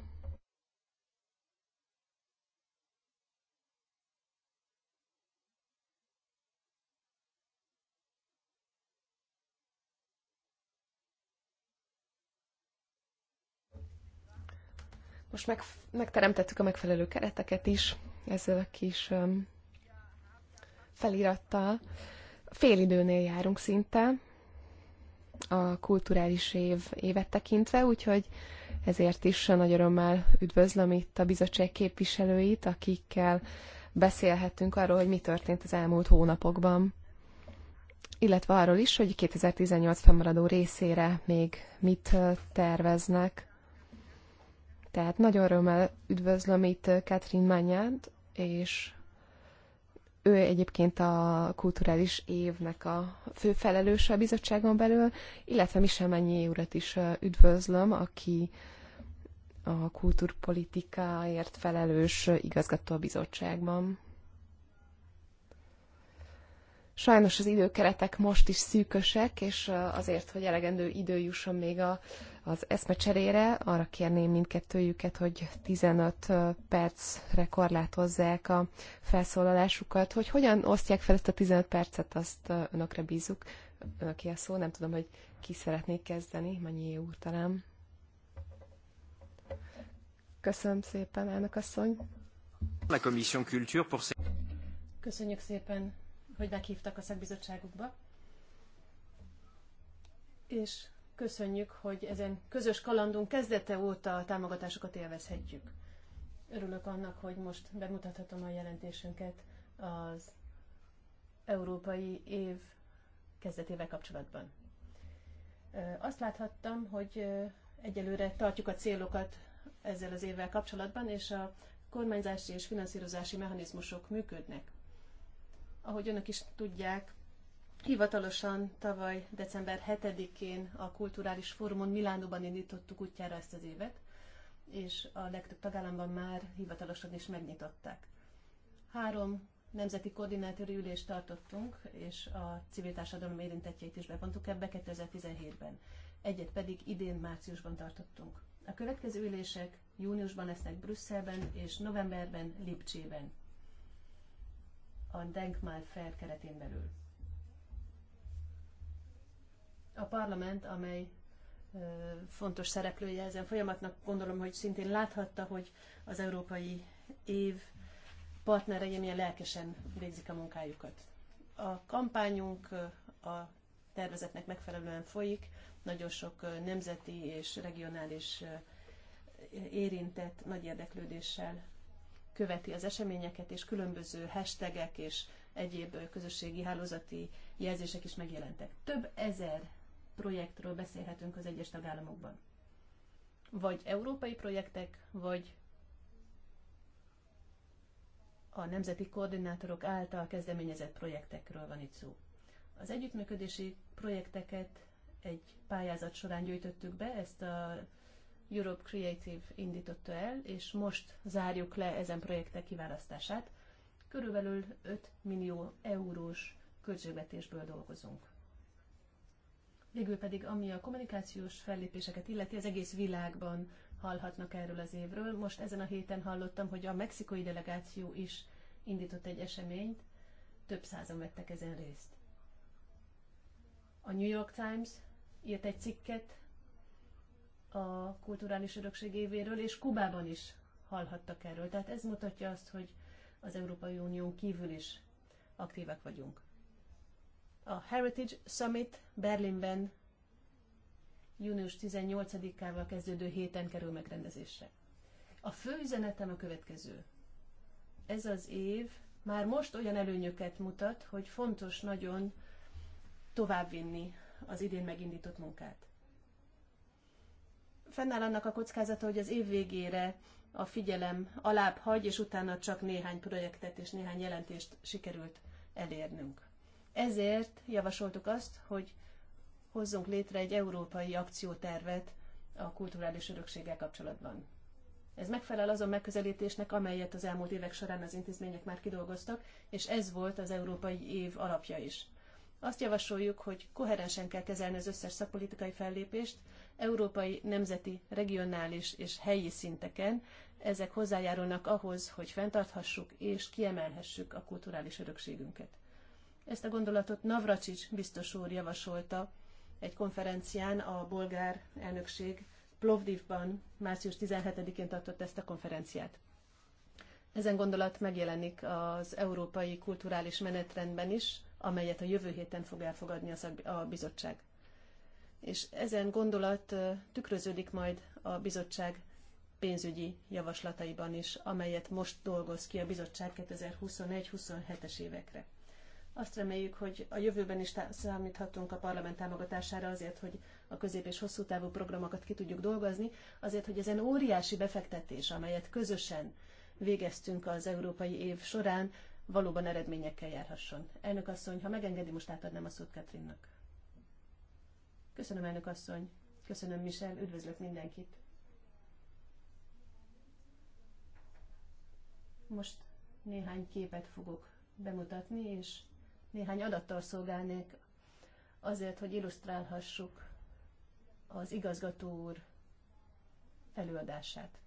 Most meg, megteremtettük a megfelelő kereteket is ezzel a kis um, felirattal. időnél járunk szinte a kulturális év, évet tekintve, úgyhogy ezért is nagy örömmel üdvözlöm itt a bizottság képviselőit, akikkel beszélhetünk arról, hogy mi történt az elmúlt hónapokban, illetve arról is, hogy 2018 fennmaradó részére még mit terveznek. Tehát nagyon örömmel üdvözlöm itt Katrin Mányát, és ő egyébként a kulturális évnek a fő felelőse a bizottságon belül, illetve Michel Mennyi urat is üdvözlöm, aki a kulturpolitikáért felelős igazgató a bizottságban. Sajnos az időkeretek most is szűkösek, és azért, hogy elegendő idő jusson még a, az eszmecserére, arra kérném mindkettőjüket, hogy 15 percre korlátozzák a felszólalásukat. Hogy hogyan osztják fel ezt a 15 percet, azt önökre bízuk. Önöki a szó, nem tudom, hogy ki szeretnék kezdeni, Mennyi úr talán. Köszönöm szépen, elnök asszony. Köszönjük szépen hogy meghívtak a szakbizottságukba. És köszönjük, hogy ezen közös kalandunk kezdete óta a támogatásokat élvezhetjük. Örülök annak, hogy most bemutathatom a jelentésünket az európai év kezdetével kapcsolatban. Azt láthattam, hogy egyelőre tartjuk a célokat ezzel az évvel kapcsolatban, és a kormányzási és finanszírozási mechanizmusok működnek. Ahogy önök is tudják, hivatalosan tavaly december 7-én a Kulturális Fórumon Milánóban indítottuk útjára ezt az évet, és a legtöbb tagállamban már hivatalosan is megnyitották. Három nemzeti koordinátori ülést tartottunk, és a civil társadalom érintettjeit is bevontuk ebbe 2017-ben. Egyet pedig idén márciusban tartottunk. A következő ülések júniusban lesznek Brüsszelben és novemberben Lipcsében a Denkmal Fair keretén belül. A parlament, amely fontos szereplője ezen folyamatnak, gondolom, hogy szintén láthatta, hogy az európai év partnerei milyen lelkesen végzik a munkájukat. A kampányunk a tervezetnek megfelelően folyik, nagyon sok nemzeti és regionális érintett nagy érdeklődéssel követi az eseményeket, és különböző hashtagek és egyéb közösségi hálózati jelzések is megjelentek. Több ezer projektről beszélhetünk az egyes tagállamokban. Vagy európai projektek, vagy a nemzeti koordinátorok által kezdeményezett projektekről van itt szó. Az együttműködési projekteket egy pályázat során gyűjtöttük be, ezt a Europe Creative indította el, és most zárjuk le ezen projektek kiválasztását. Körülbelül 5 millió eurós költségvetésből dolgozunk. Végül pedig, ami a kommunikációs fellépéseket illeti, az egész világban hallhatnak erről az évről. Most ezen a héten hallottam, hogy a mexikai delegáció is indított egy eseményt, több százan vettek ezen részt. A New York Times írt egy cikket a kulturális örökség évéről, és Kubában is hallhattak erről. Tehát ez mutatja azt, hogy az Európai Unión kívül is aktívek vagyunk. A Heritage Summit Berlinben június 18-ával kezdődő héten kerül megrendezésre. A fő üzenetem a következő. Ez az év már most olyan előnyöket mutat, hogy fontos nagyon továbbvinni az idén megindított munkát fennáll annak a kockázata, hogy az év végére a figyelem alább hagy, és utána csak néhány projektet és néhány jelentést sikerült elérnünk. Ezért javasoltuk azt, hogy hozzunk létre egy európai akciótervet a kulturális örökséggel kapcsolatban. Ez megfelel azon megközelítésnek, amelyet az elmúlt évek során az intézmények már kidolgoztak, és ez volt az európai év alapja is. Azt javasoljuk, hogy koherensen kell kezelni az összes szakpolitikai fellépést, európai, nemzeti, regionális és helyi szinteken. Ezek hozzájárulnak ahhoz, hogy fenntarthassuk és kiemelhessük a kulturális örökségünket. Ezt a gondolatot Navracsics biztos úr javasolta egy konferencián a bolgár elnökség Plovdivban március 17-én tartott ezt a konferenciát. Ezen gondolat megjelenik az Európai Kulturális Menetrendben is, amelyet a jövő héten fog elfogadni a, a bizottság és ezen gondolat tükröződik majd a bizottság pénzügyi javaslataiban is, amelyet most dolgoz ki a bizottság 2021-27-es évekre. Azt reméljük, hogy a jövőben is számíthatunk a parlament támogatására azért, hogy a közép- és hosszú távú programokat ki tudjuk dolgozni, azért, hogy ezen óriási befektetés, amelyet közösen végeztünk az európai év során, valóban eredményekkel járhasson. Elnök asszony, ha megengedi, most átadnám a szót Katrinnak. Köszönöm, elnök asszony. Köszönöm, Michel. Üdvözlök mindenkit. Most néhány képet fogok bemutatni, és néhány adattal szolgálnék azért, hogy illusztrálhassuk az igazgató úr előadását.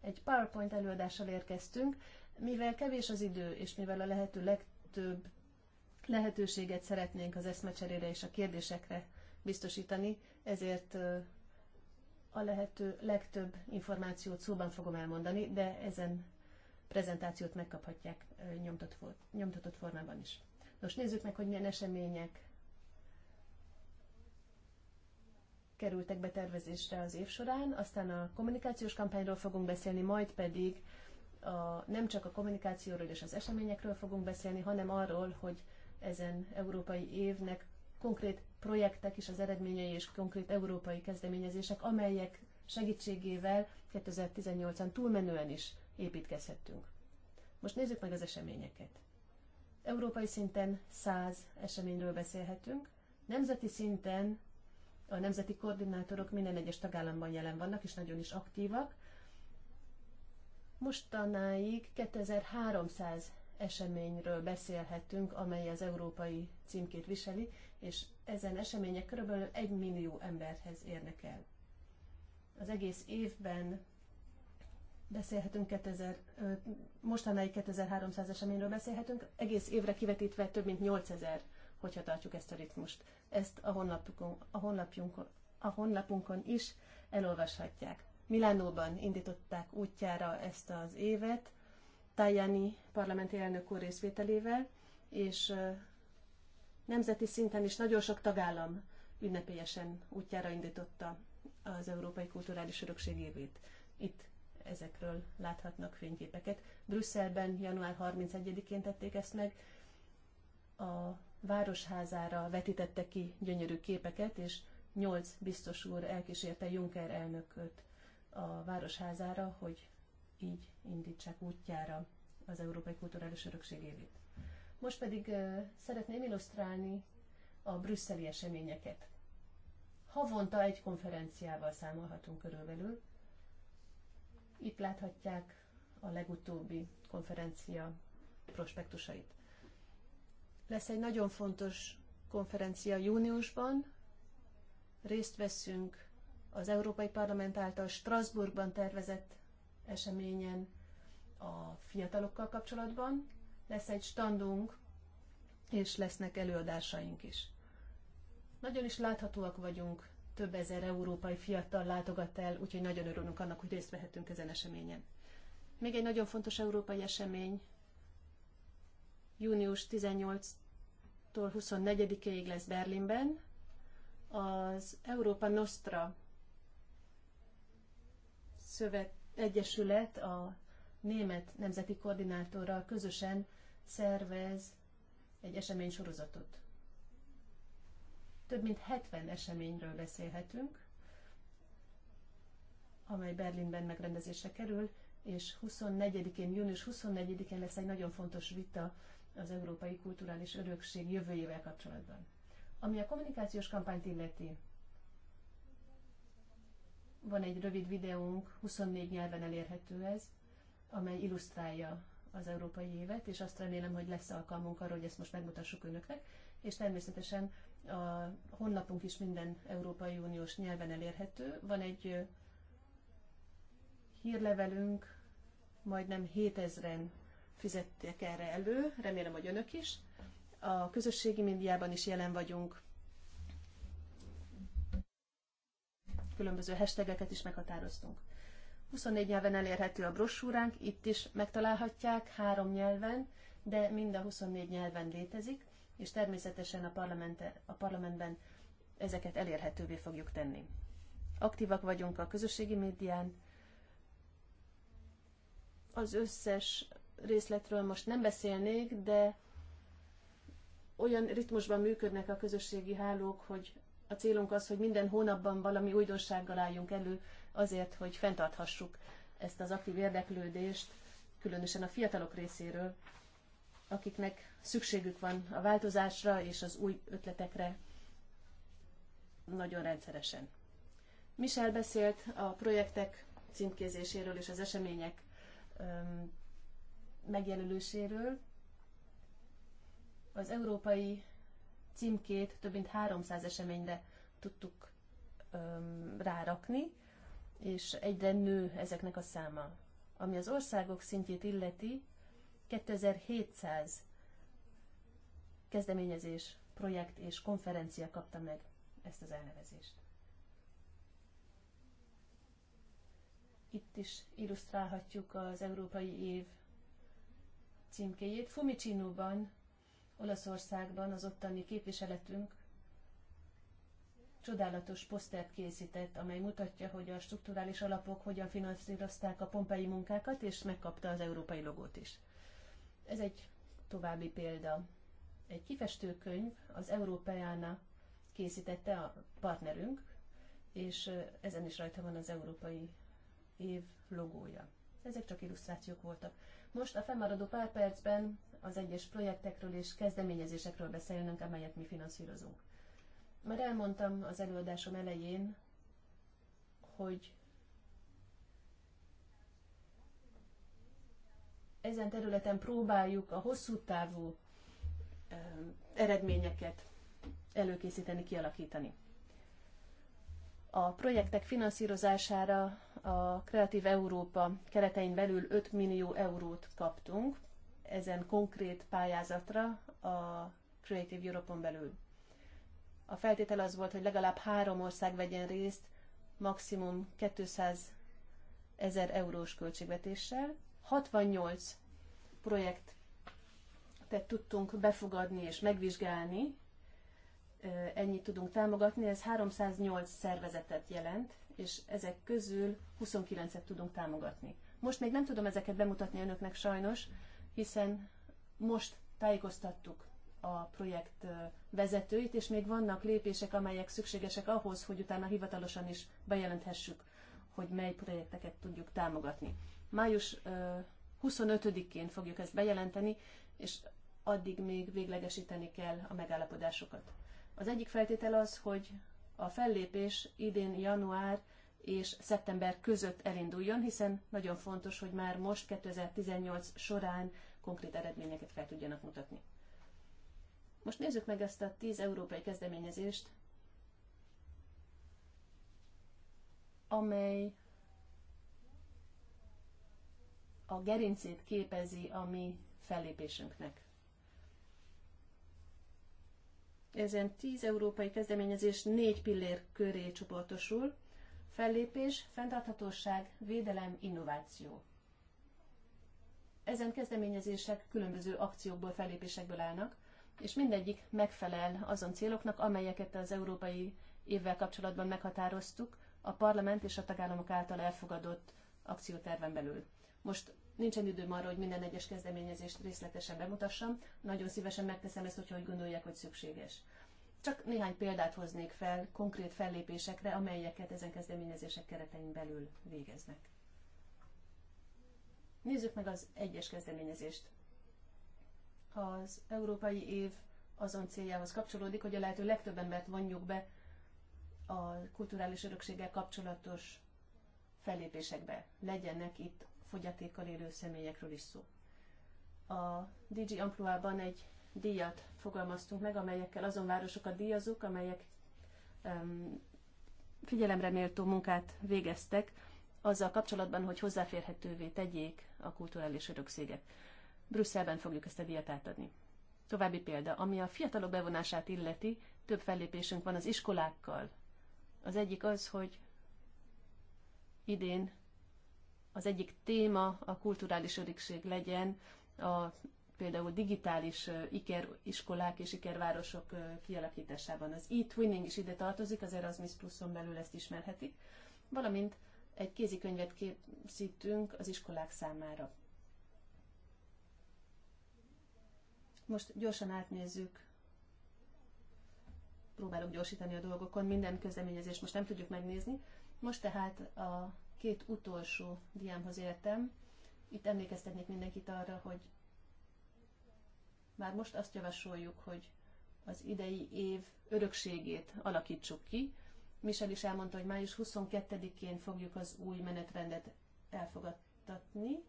Egy PowerPoint előadással érkeztünk, mivel kevés az idő, és mivel a lehető legtöbb lehetőséget szeretnénk az eszmecserére és a kérdésekre biztosítani, ezért a lehető legtöbb információt szóban fogom elmondani, de ezen prezentációt megkaphatják nyomtatott formában is. Nos, nézzük meg, hogy milyen események kerültek betervezésre az év során, aztán a kommunikációs kampányról fogunk beszélni, majd pedig a, nem csak a kommunikációról és az eseményekről fogunk beszélni, hanem arról, hogy ezen európai évnek konkrét projektek és az eredményei és konkrét európai kezdeményezések, amelyek segítségével 2018-an túlmenően is építkezhettünk. Most nézzük meg az eseményeket. Európai szinten 100 eseményről beszélhetünk, nemzeti szinten a nemzeti koordinátorok minden egyes tagállamban jelen vannak, és nagyon is aktívak. Mostanáig 2300 eseményről beszélhetünk, amely az európai címkét viseli, és ezen események körülbelül egy millió emberhez érnek el. Az egész évben beszélhetünk, 2000, mostanáig 2300 eseményről beszélhetünk, egész évre kivetítve több mint 8000, hogyha tartjuk ezt a ritmust. Ezt a, honlapunkon, a, honlapunkon, a honlapunkon is elolvashatják. Milánóban indították útjára ezt az évet, Tajani parlamenti elnök úr részvételével, és nemzeti szinten is nagyon sok tagállam ünnepélyesen útjára indította az Európai Kulturális Örökség évét. Itt ezekről láthatnak fényképeket. Brüsszelben január 31-én tették ezt meg. A városházára vetítette ki gyönyörű képeket, és nyolc biztos úr elkísérte Juncker elnököt a városházára, hogy így indítsák útjára az Európai Kulturális Örökség évét. Most pedig szeretném illusztrálni a brüsszeli eseményeket. Havonta egy konferenciával számolhatunk körülbelül. Itt láthatják a legutóbbi konferencia prospektusait. Lesz egy nagyon fontos konferencia júniusban. Részt veszünk az Európai Parlament által Strasbourgban tervezett eseményen a fiatalokkal kapcsolatban, lesz egy standunk, és lesznek előadásaink is. Nagyon is láthatóak vagyunk, több ezer európai fiatal látogat el, úgyhogy nagyon örülünk annak, hogy részt vehetünk ezen eseményen. Még egy nagyon fontos európai esemény, június 18-tól 24-ig lesz Berlinben, az Európa Nostra Szövet Egyesület, a német nemzeti koordinátorral közösen szervez egy esemény sorozatot. Több mint 70 eseményről beszélhetünk, amely Berlinben megrendezésre kerül, és 24-én, június 24-én lesz egy nagyon fontos vita az Európai Kulturális Örökség jövőjével kapcsolatban. Ami a kommunikációs kampányt illeti, van egy rövid videónk, 24 nyelven elérhető ez, amely illusztrálja az európai évet, és azt remélem, hogy lesz alkalmunk arra, hogy ezt most megmutassuk önöknek, és természetesen a honlapunk is minden Európai Uniós nyelven elérhető. Van egy hírlevelünk, majdnem 7000-en fizettek erre elő, remélem, hogy önök is. A közösségi médiában is jelen vagyunk, különböző hashtageket is meghatároztunk. 24 nyelven elérhető a brosúránk, itt is megtalálhatják, három nyelven, de mind a 24 nyelven létezik, és természetesen a, parlament, a parlamentben ezeket elérhetővé fogjuk tenni. Aktívak vagyunk a közösségi médián. Az összes részletről most nem beszélnék, de olyan ritmusban működnek a közösségi hálók, hogy a célunk az, hogy minden hónapban valami újdonsággal álljunk elő, azért, hogy fenntarthassuk ezt az aktív érdeklődést, különösen a fiatalok részéről, akiknek szükségük van a változásra és az új ötletekre nagyon rendszeresen. Michel beszélt a projektek címkézéséről és az események öm, megjelöléséről. Az európai címkét több mint 300 eseményre tudtuk öm, rárakni, és egyre nő ezeknek a száma. Ami az országok szintjét illeti, 2700 kezdeményezés, projekt és konferencia kapta meg ezt az elnevezést. Itt is illusztrálhatjuk az Európai Év címkéjét. Fumicinóban, Olaszországban az ottani képviseletünk csodálatos posztert készített, amely mutatja, hogy a strukturális alapok hogyan finanszírozták a Pompei munkákat, és megkapta az európai logót is. Ez egy további példa. Egy kifestőkönyv az Európeána készítette a partnerünk, és ezen is rajta van az európai év logója. Ezek csak illusztrációk voltak. Most a fennmaradó pár percben az egyes projektekről és kezdeményezésekről beszélünk, amelyet mi finanszírozunk. Már elmondtam az előadásom elején, hogy ezen területen próbáljuk a hosszú távú eredményeket előkészíteni, kialakítani. A projektek finanszírozására a Kreatív Európa keretein belül 5 millió eurót kaptunk ezen konkrét pályázatra a Creative Europe-on belül. A feltétel az volt, hogy legalább három ország vegyen részt, maximum 200 ezer eurós költségvetéssel. 68 projektet tudtunk befogadni és megvizsgálni, ennyit tudunk támogatni, ez 308 szervezetet jelent, és ezek közül 29-et tudunk támogatni. Most még nem tudom ezeket bemutatni önöknek sajnos, hiszen most tájékoztattuk a projekt vezetőit, és még vannak lépések, amelyek szükségesek ahhoz, hogy utána hivatalosan is bejelenthessük, hogy mely projekteket tudjuk támogatni. Május 25-én fogjuk ezt bejelenteni, és addig még véglegesíteni kell a megállapodásokat. Az egyik feltétel az, hogy a fellépés idén január és szeptember között elinduljon, hiszen nagyon fontos, hogy már most 2018 során konkrét eredményeket fel tudjanak mutatni. Most nézzük meg ezt a 10 európai kezdeményezést, amely a gerincét képezi a mi fellépésünknek. Ezen 10 európai kezdeményezés négy pillér köré csoportosul. Fellépés, fenntarthatóság, védelem, innováció. Ezen kezdeményezések különböző akciókból, fellépésekből állnak, és mindegyik megfelel azon céloknak, amelyeket az európai évvel kapcsolatban meghatároztuk a parlament és a tagállamok által elfogadott akcióterven belül. Most nincsen időm arra, hogy minden egyes kezdeményezést részletesen bemutassam, nagyon szívesen megteszem ezt, hogyha úgy gondolják, hogy szükséges. Csak néhány példát hoznék fel konkrét fellépésekre, amelyeket ezen kezdeményezések keretein belül végeznek. Nézzük meg az egyes kezdeményezést az európai év azon céljához kapcsolódik, hogy a lehető legtöbb embert vonjuk be a kulturális örökséggel kapcsolatos fellépésekbe. Legyenek itt fogyatékkal élő személyekről is szó. A DG Ampluában egy díjat fogalmaztunk meg, amelyekkel azon városokat díjazunk, amelyek um, figyelemre méltó munkát végeztek azzal kapcsolatban, hogy hozzáférhetővé tegyék a kulturális örökséget. Brüsszelben fogjuk ezt a díjat átadni. További példa, ami a fiatalok bevonását illeti, több fellépésünk van az iskolákkal. Az egyik az, hogy idén az egyik téma a kulturális örökség legyen, a például digitális ikeriskolák és ikervárosok kialakításában. Az e-twinning is ide tartozik, az Erasmus Pluson belül ezt ismerhetik, valamint egy kézikönyvet készítünk az iskolák számára. Most gyorsan átnézzük, próbálok gyorsítani a dolgokon, minden közleményezést most nem tudjuk megnézni. Most tehát a két utolsó diámhoz értem. Itt emlékeztetnék mindenkit arra, hogy már most azt javasoljuk, hogy az idei év örökségét alakítsuk ki. Michel is elmondta, hogy május 22-én fogjuk az új menetrendet elfogadtatni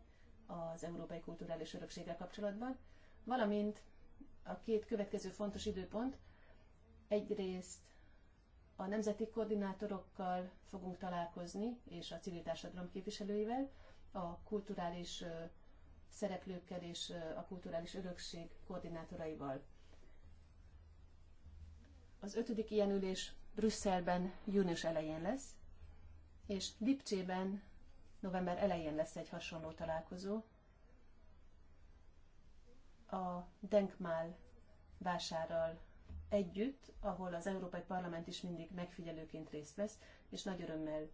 az Európai Kulturális Örökséggel kapcsolatban valamint a két következő fontos időpont, egyrészt a nemzeti koordinátorokkal fogunk találkozni, és a civil társadalom képviselőivel, a kulturális szereplőkkel és a kulturális örökség koordinátoraival. Az ötödik ilyen ülés Brüsszelben június elején lesz, és Lipcsében november elején lesz egy hasonló találkozó, a Denkmál vásárral együtt, ahol az Európai Parlament is mindig megfigyelőként részt vesz, és nagy örömmel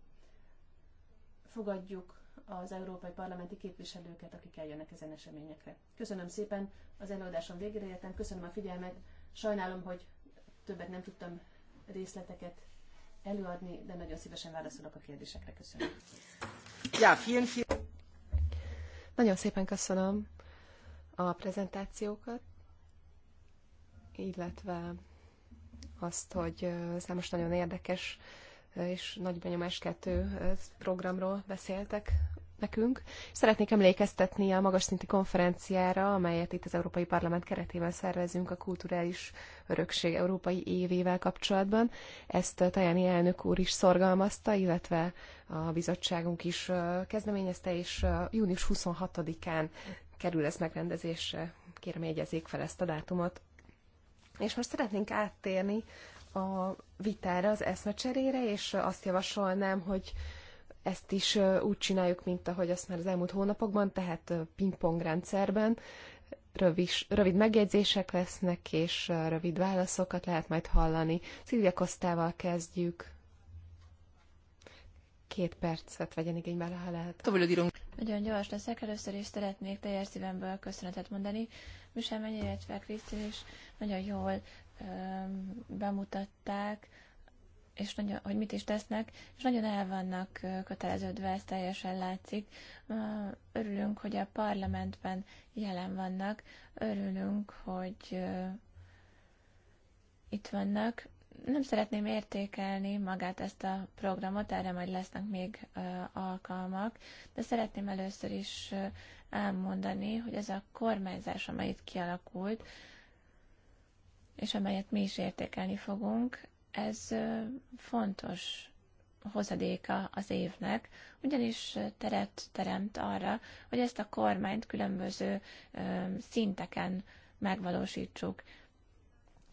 fogadjuk az európai parlamenti képviselőket, akik eljönnek ezen eseményekre. Köszönöm szépen, az előadásom végére értem, köszönöm a figyelmet, sajnálom, hogy többet nem tudtam részleteket előadni, de nagyon szívesen válaszolok a kérdésekre. Köszönöm. Ja, vielen, vielen. Nagyon szépen köszönöm a prezentációkat, illetve azt, hogy számos nagyon érdekes és nagy benyomás kettő programról beszéltek nekünk. Szeretnék emlékeztetni a magas szinti konferenciára, amelyet itt az Európai Parlament keretében szervezünk a kulturális örökség európai évével kapcsolatban. Ezt Tajani elnök úr is szorgalmazta, illetve a bizottságunk is kezdeményezte, és június 26-án kerül ez megrendezésre. Kérem, jegyezzék fel ezt a dátumot. És most szeretnénk áttérni a vitára, az eszmecserére, és azt javasolnám, hogy ezt is úgy csináljuk, mint ahogy azt már az elmúlt hónapokban, tehát pingpong rendszerben. Rövis, rövid megjegyzések lesznek, és rövid válaszokat lehet majd hallani. Szilvia Kosztával kezdjük két percet vegyen igénybe, ha lehet. Nagyon gyors leszek. Először is szeretnék teljes szívemből köszönetet mondani. Műsor illetve Krisztin is nagyon jól öm, bemutatták, és nagyon, hogy mit is tesznek, és nagyon el vannak köteleződve, ez teljesen látszik. Örülünk, hogy a parlamentben jelen vannak, örülünk, hogy itt vannak, nem szeretném értékelni magát ezt a programot, erre majd lesznek még alkalmak, de szeretném először is elmondani, hogy ez a kormányzás, amely itt kialakult, és amelyet mi is értékelni fogunk, ez fontos hozadéka az évnek, ugyanis teret teremt arra, hogy ezt a kormányt különböző szinteken megvalósítsuk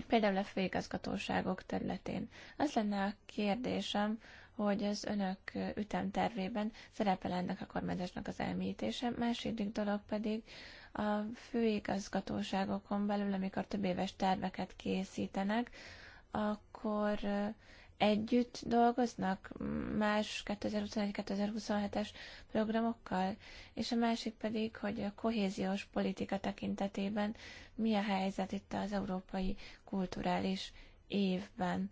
például a főigazgatóságok területén. Az lenne a kérdésem, hogy az önök ütemtervében szerepel ennek a kormányzásnak az elmélyítése. Második dolog pedig a főigazgatóságokon belül, amikor több éves terveket készítenek, akkor együtt dolgoznak más 2021-2027-es programokkal, és a másik pedig, hogy a kohéziós politika tekintetében mi a helyzet itt az európai kulturális évben.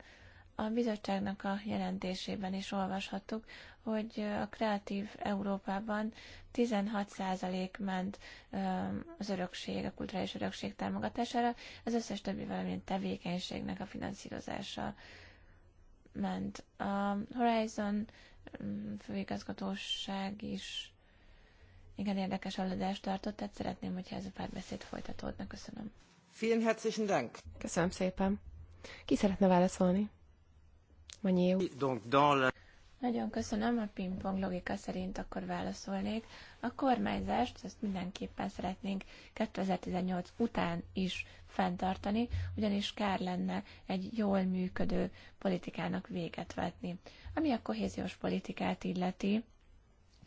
A bizottságnak a jelentésében is olvashattuk, hogy a kreatív Európában 16% ment az örökség, a kulturális örökség támogatására, az összes többi valamilyen tevékenységnek a finanszírozása ment. A Horizon mm, főigazgatóság is igen érdekes előadást tartott, tehát szeretném, hogyha ez a párbeszéd folytatódna. Köszönöm. Vielen herzlichen Dank. Köszönöm szépen. Ki szeretne válaszolni? Manyiu. Nagyon köszönöm, a pingpong logika szerint akkor válaszolnék. A kormányzást, ezt mindenképpen szeretnénk 2018 után is fenntartani, ugyanis kár lenne egy jól működő politikának véget vetni. Ami a kohéziós politikát illeti,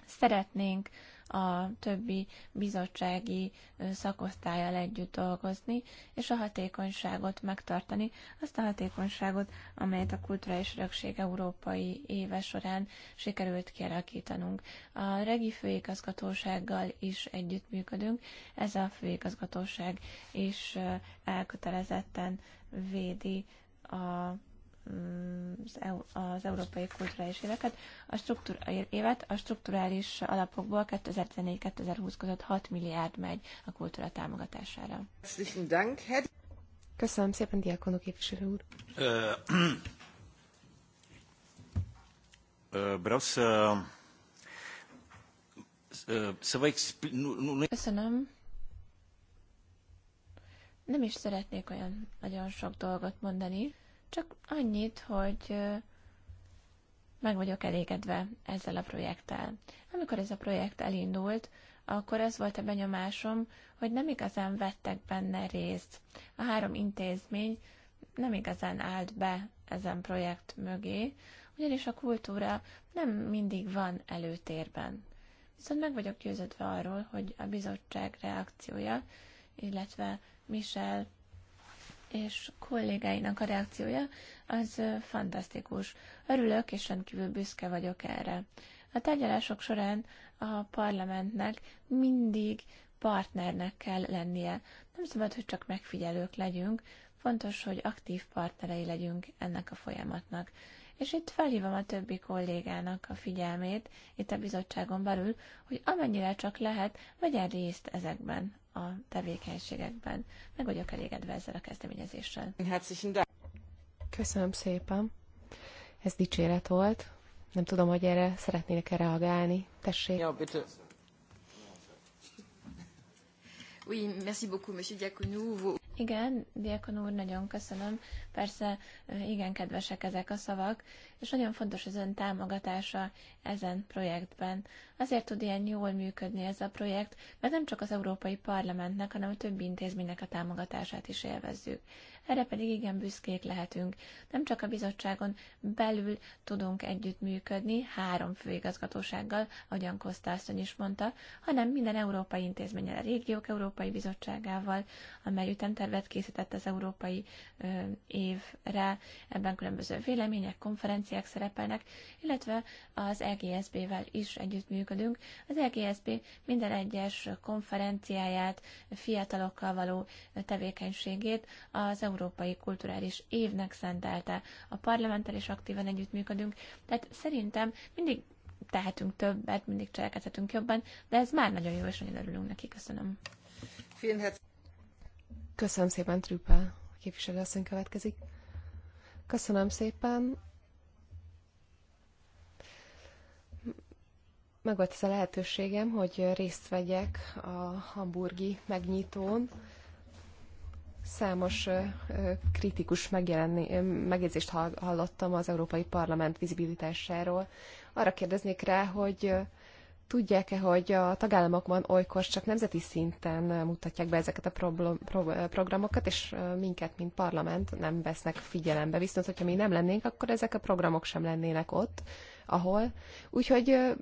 szeretnénk a többi bizottsági szakosztályjal együtt dolgozni, és a hatékonyságot megtartani, azt a hatékonyságot, amelyet a és Rökség Európai éve során sikerült kialakítanunk. A regi főigazgatósággal is együttműködünk, ez a főigazgatóság is elkötelezetten védi a az európai kulturális éveket, a struktur, évet a strukturális alapokból 2014-2020 között 6 milliárd megy a kultúra támogatására. Köszönöm szépen, Diákonó képviselő úr. Köszönöm. Nem is szeretnék olyan nagyon sok dolgot mondani. Csak annyit, hogy meg vagyok elégedve ezzel a projekttel. Amikor ez a projekt elindult, akkor ez volt a benyomásom, hogy nem igazán vettek benne részt. A három intézmény nem igazán állt be ezen projekt mögé, ugyanis a kultúra nem mindig van előtérben. Viszont meg vagyok győződve arról, hogy a bizottság reakciója, illetve Michel és kollégáinak a reakciója az fantasztikus. Örülök, és rendkívül büszke vagyok erre. A tárgyalások során a parlamentnek mindig partnernek kell lennie. Nem szabad, hogy csak megfigyelők legyünk, fontos, hogy aktív partnerei legyünk ennek a folyamatnak. És itt felhívom a többi kollégának a figyelmét, itt a bizottságon belül, hogy amennyire csak lehet, vegyen részt ezekben a tevékenységekben. Meg vagyok elégedve ezzel a kezdeményezéssel. Köszönöm szépen. Ez dicséret volt. Nem tudom, hogy erre szeretnének-e reagálni. Tessék. Jó, bitte. Oui, merci beaucoup, monsieur Diaconou. Igen, Diakon úr, nagyon köszönöm. Persze, igen, kedvesek ezek a szavak, és nagyon fontos az ön támogatása ezen projektben. Azért tud ilyen jól működni ez a projekt, mert nem csak az Európai Parlamentnek, hanem a többi intézménynek a támogatását is élvezzük erre pedig igen büszkék lehetünk. Nem csak a bizottságon belül tudunk együttműködni három főigazgatósággal, ahogyan Kosztászony is mondta, hanem minden európai intézménnyel, a Régiók Európai Bizottságával, amely ütemtervet készített az Európai ö, évre, ebben különböző vélemények, konferenciák szerepelnek, illetve az EGSB-vel is együttműködünk. Az EGSB minden egyes konferenciáját, fiatalokkal való tevékenységét az Európai Európai Kulturális Évnek szentelte. A parlamenttel is aktívan együttműködünk, tehát szerintem mindig tehetünk többet, mindig cselekedhetünk jobban, de ez már nagyon jó, és nagyon örülünk neki. Köszönöm. Köszönöm szépen, Trüppel. A képviselőasszony következik. Köszönöm szépen. Meg volt ez a lehetőségem, hogy részt vegyek a hamburgi megnyitón. Számos kritikus megjelenni, megjegyzést hallottam az Európai Parlament vizibilitásáról. Arra kérdeznék rá, hogy tudják-e, hogy a tagállamokban olykor csak nemzeti szinten mutatják be ezeket a programokat, és minket, mint parlament nem vesznek figyelembe. Viszont, hogyha mi nem lennénk, akkor ezek a programok sem lennének ott, ahol. Úgyhogy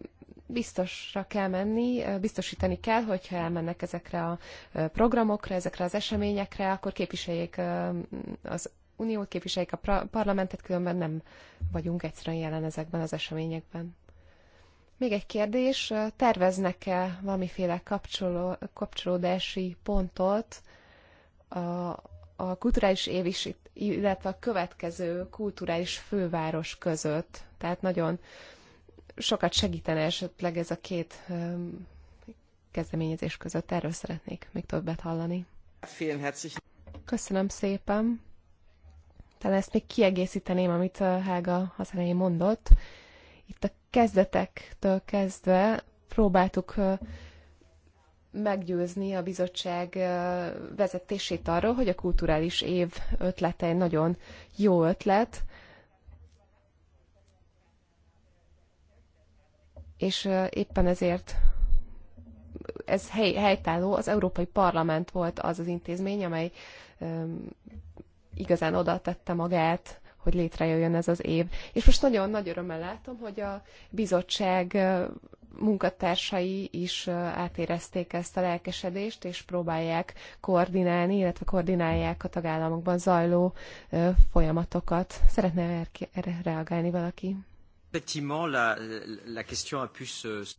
biztosra kell menni, biztosítani kell, hogyha elmennek ezekre a programokra, ezekre az eseményekre, akkor képviseljék az uniót, képviseljék a parlamentet, különben nem vagyunk egyszerűen jelen ezekben az eseményekben. Még egy kérdés, terveznek-e valamiféle kapcsoló, kapcsolódási pontot a, a kulturális év is, illetve a következő kulturális főváros között? Tehát nagyon sokat segítene esetleg ez a két kezdeményezés között. Erről szeretnék még többet hallani. Köszönöm szépen. Talán ezt még kiegészíteném, amit Hága az elején mondott. Itt a kezdetektől kezdve próbáltuk meggyőzni a bizottság vezetését arról, hogy a kulturális év ötlete egy nagyon jó ötlet, és éppen ezért ez hely, helytálló, az Európai Parlament volt az az intézmény, amely igazán oda tette magát, hogy létrejöjjön ez az év. És most nagyon nagy örömmel látom, hogy a bizottság munkatársai is átérezték ezt a lelkesedést, és próbálják koordinálni, illetve koordinálják a tagállamokban zajló folyamatokat. Szeretne erre reagálni valaki? a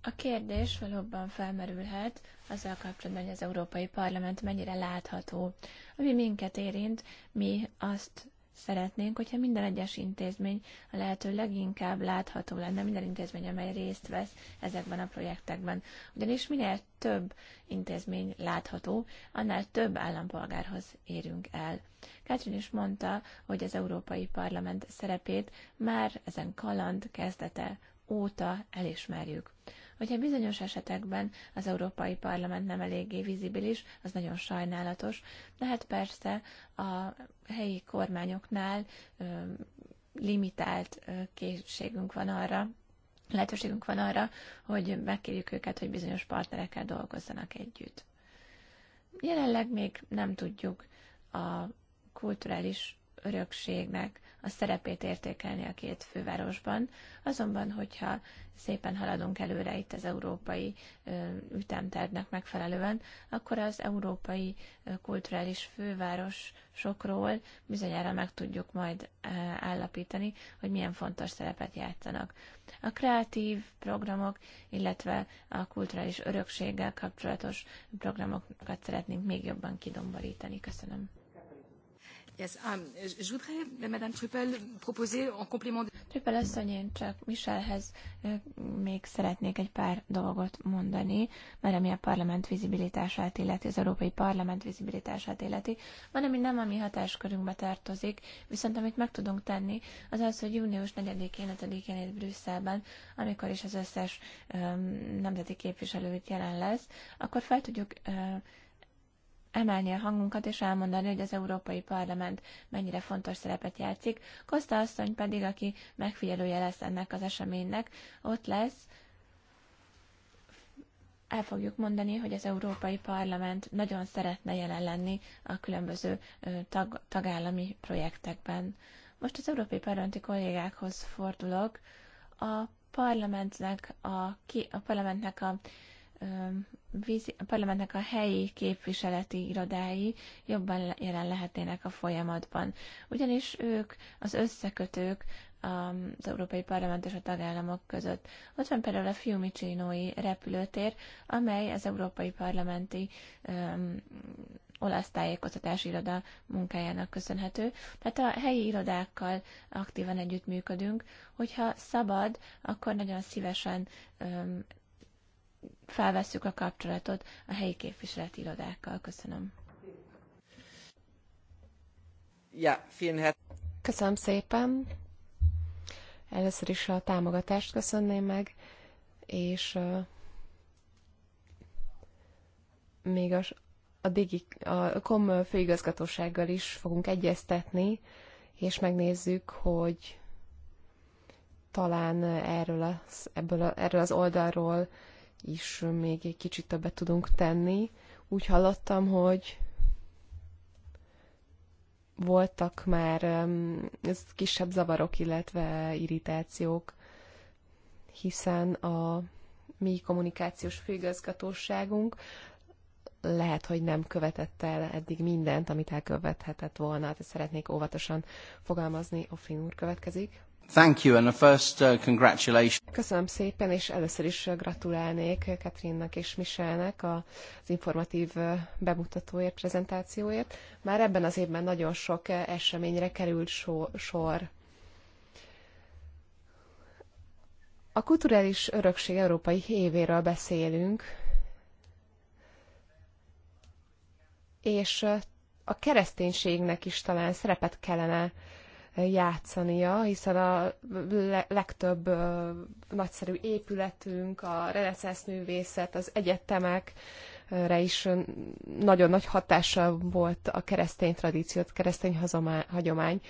A kérdés valóban felmerülhet azzal kapcsolatban, hogy az Európai Parlament mennyire látható. Ami minket érint, mi azt Szeretnénk, hogyha minden egyes intézmény a lehető leginkább látható lenne, minden intézmény, amely részt vesz ezekben a projektekben. Ugyanis minél több intézmény látható, annál több állampolgárhoz érünk el. Katrin is mondta, hogy az Európai Parlament szerepét már ezen kaland kezdete óta elismerjük. Hogyha bizonyos esetekben az Európai Parlament nem eléggé vizibilis, az nagyon sajnálatos, de hát persze a helyi kormányoknál ö, limitált ö, készségünk van arra, lehetőségünk van arra, hogy megkérjük őket, hogy bizonyos partnerekkel dolgozzanak együtt. Jelenleg még nem tudjuk a kulturális örökségnek a szerepét értékelni a két fővárosban. Azonban, hogyha szépen haladunk előre itt az európai ütemtervnek megfelelően, akkor az európai kulturális főváros sokról bizonyára meg tudjuk majd állapítani, hogy milyen fontos szerepet játszanak. A kreatív programok, illetve a kulturális örökséggel kapcsolatos programokat szeretnénk még jobban kidomborítani. Köszönöm. Yes, um, je voudrais, Madame Truppel, proposer en complément... Truppel asszony, én csak Michelhez még szeretnék egy pár dolgot mondani, mert ami a parlament vizibilitását illeti, az Európai Parlament vizibilitását illeti, van, ami nem a mi hatáskörünkbe tartozik, viszont amit meg tudunk tenni, az az, hogy június 4-én, 5-én itt Brüsszelben, amikor is az összes um, nemzeti képviselő itt jelen lesz, akkor fel tudjuk uh, emelni a hangunkat és elmondani, hogy az Európai Parlament mennyire fontos szerepet játszik. Kosta asszony pedig, aki megfigyelője lesz ennek az eseménynek, ott lesz, el fogjuk mondani, hogy az Európai Parlament nagyon szeretne jelen lenni a különböző tag, tagállami projektekben. Most az Európai Parlamenti kollégákhoz fordulok. A parlamentnek a, ki, a parlamentnek a vízi, a parlamentnek a helyi képviseleti irodái jobban jelen lehetnének a folyamatban. Ugyanis ők az összekötők az Európai Parlament és a tagállamok között. Ott van például a Fiumicinoi repülőtér, amely az Európai Parlamenti um, olasz tájékoztatási iroda munkájának köszönhető. Tehát a helyi irodákkal aktívan együttműködünk. Hogyha szabad, akkor nagyon szívesen felvesszük a kapcsolatot a helyi képviseleti irodákkal. Köszönöm. Ja, Köszönöm szépen. Először is a támogatást köszönném meg, és még a, a, Digi, a KOM főigazgatósággal is fogunk egyeztetni, és megnézzük, hogy talán erről az, ebből a, erről az oldalról is még egy kicsit többet tudunk tenni. Úgy hallottam, hogy voltak már ez kisebb zavarok, illetve irritációk, hiszen a mi kommunikációs főigazgatóságunk lehet, hogy nem követett el eddig mindent, amit elkövethetett volna, de hát szeretnék óvatosan fogalmazni, a úr következik. Thank you, and first uh, congratulations. Köszönöm szépen, és először is uh, gratulálnék uh, Katrinnak és Michelnek az informatív uh, bemutatóért, prezentációért. Már ebben az évben nagyon sok eseményre került sor. A kulturális örökség európai évéről beszélünk, és a kereszténységnek is talán szerepet kellene uh, játszania, hiszen a legtöbb nagyszerű épületünk, a reneszánsz művészet, az egyetemekre is nagyon nagy hatással volt a keresztény tradíciót, keresztény hagyomány.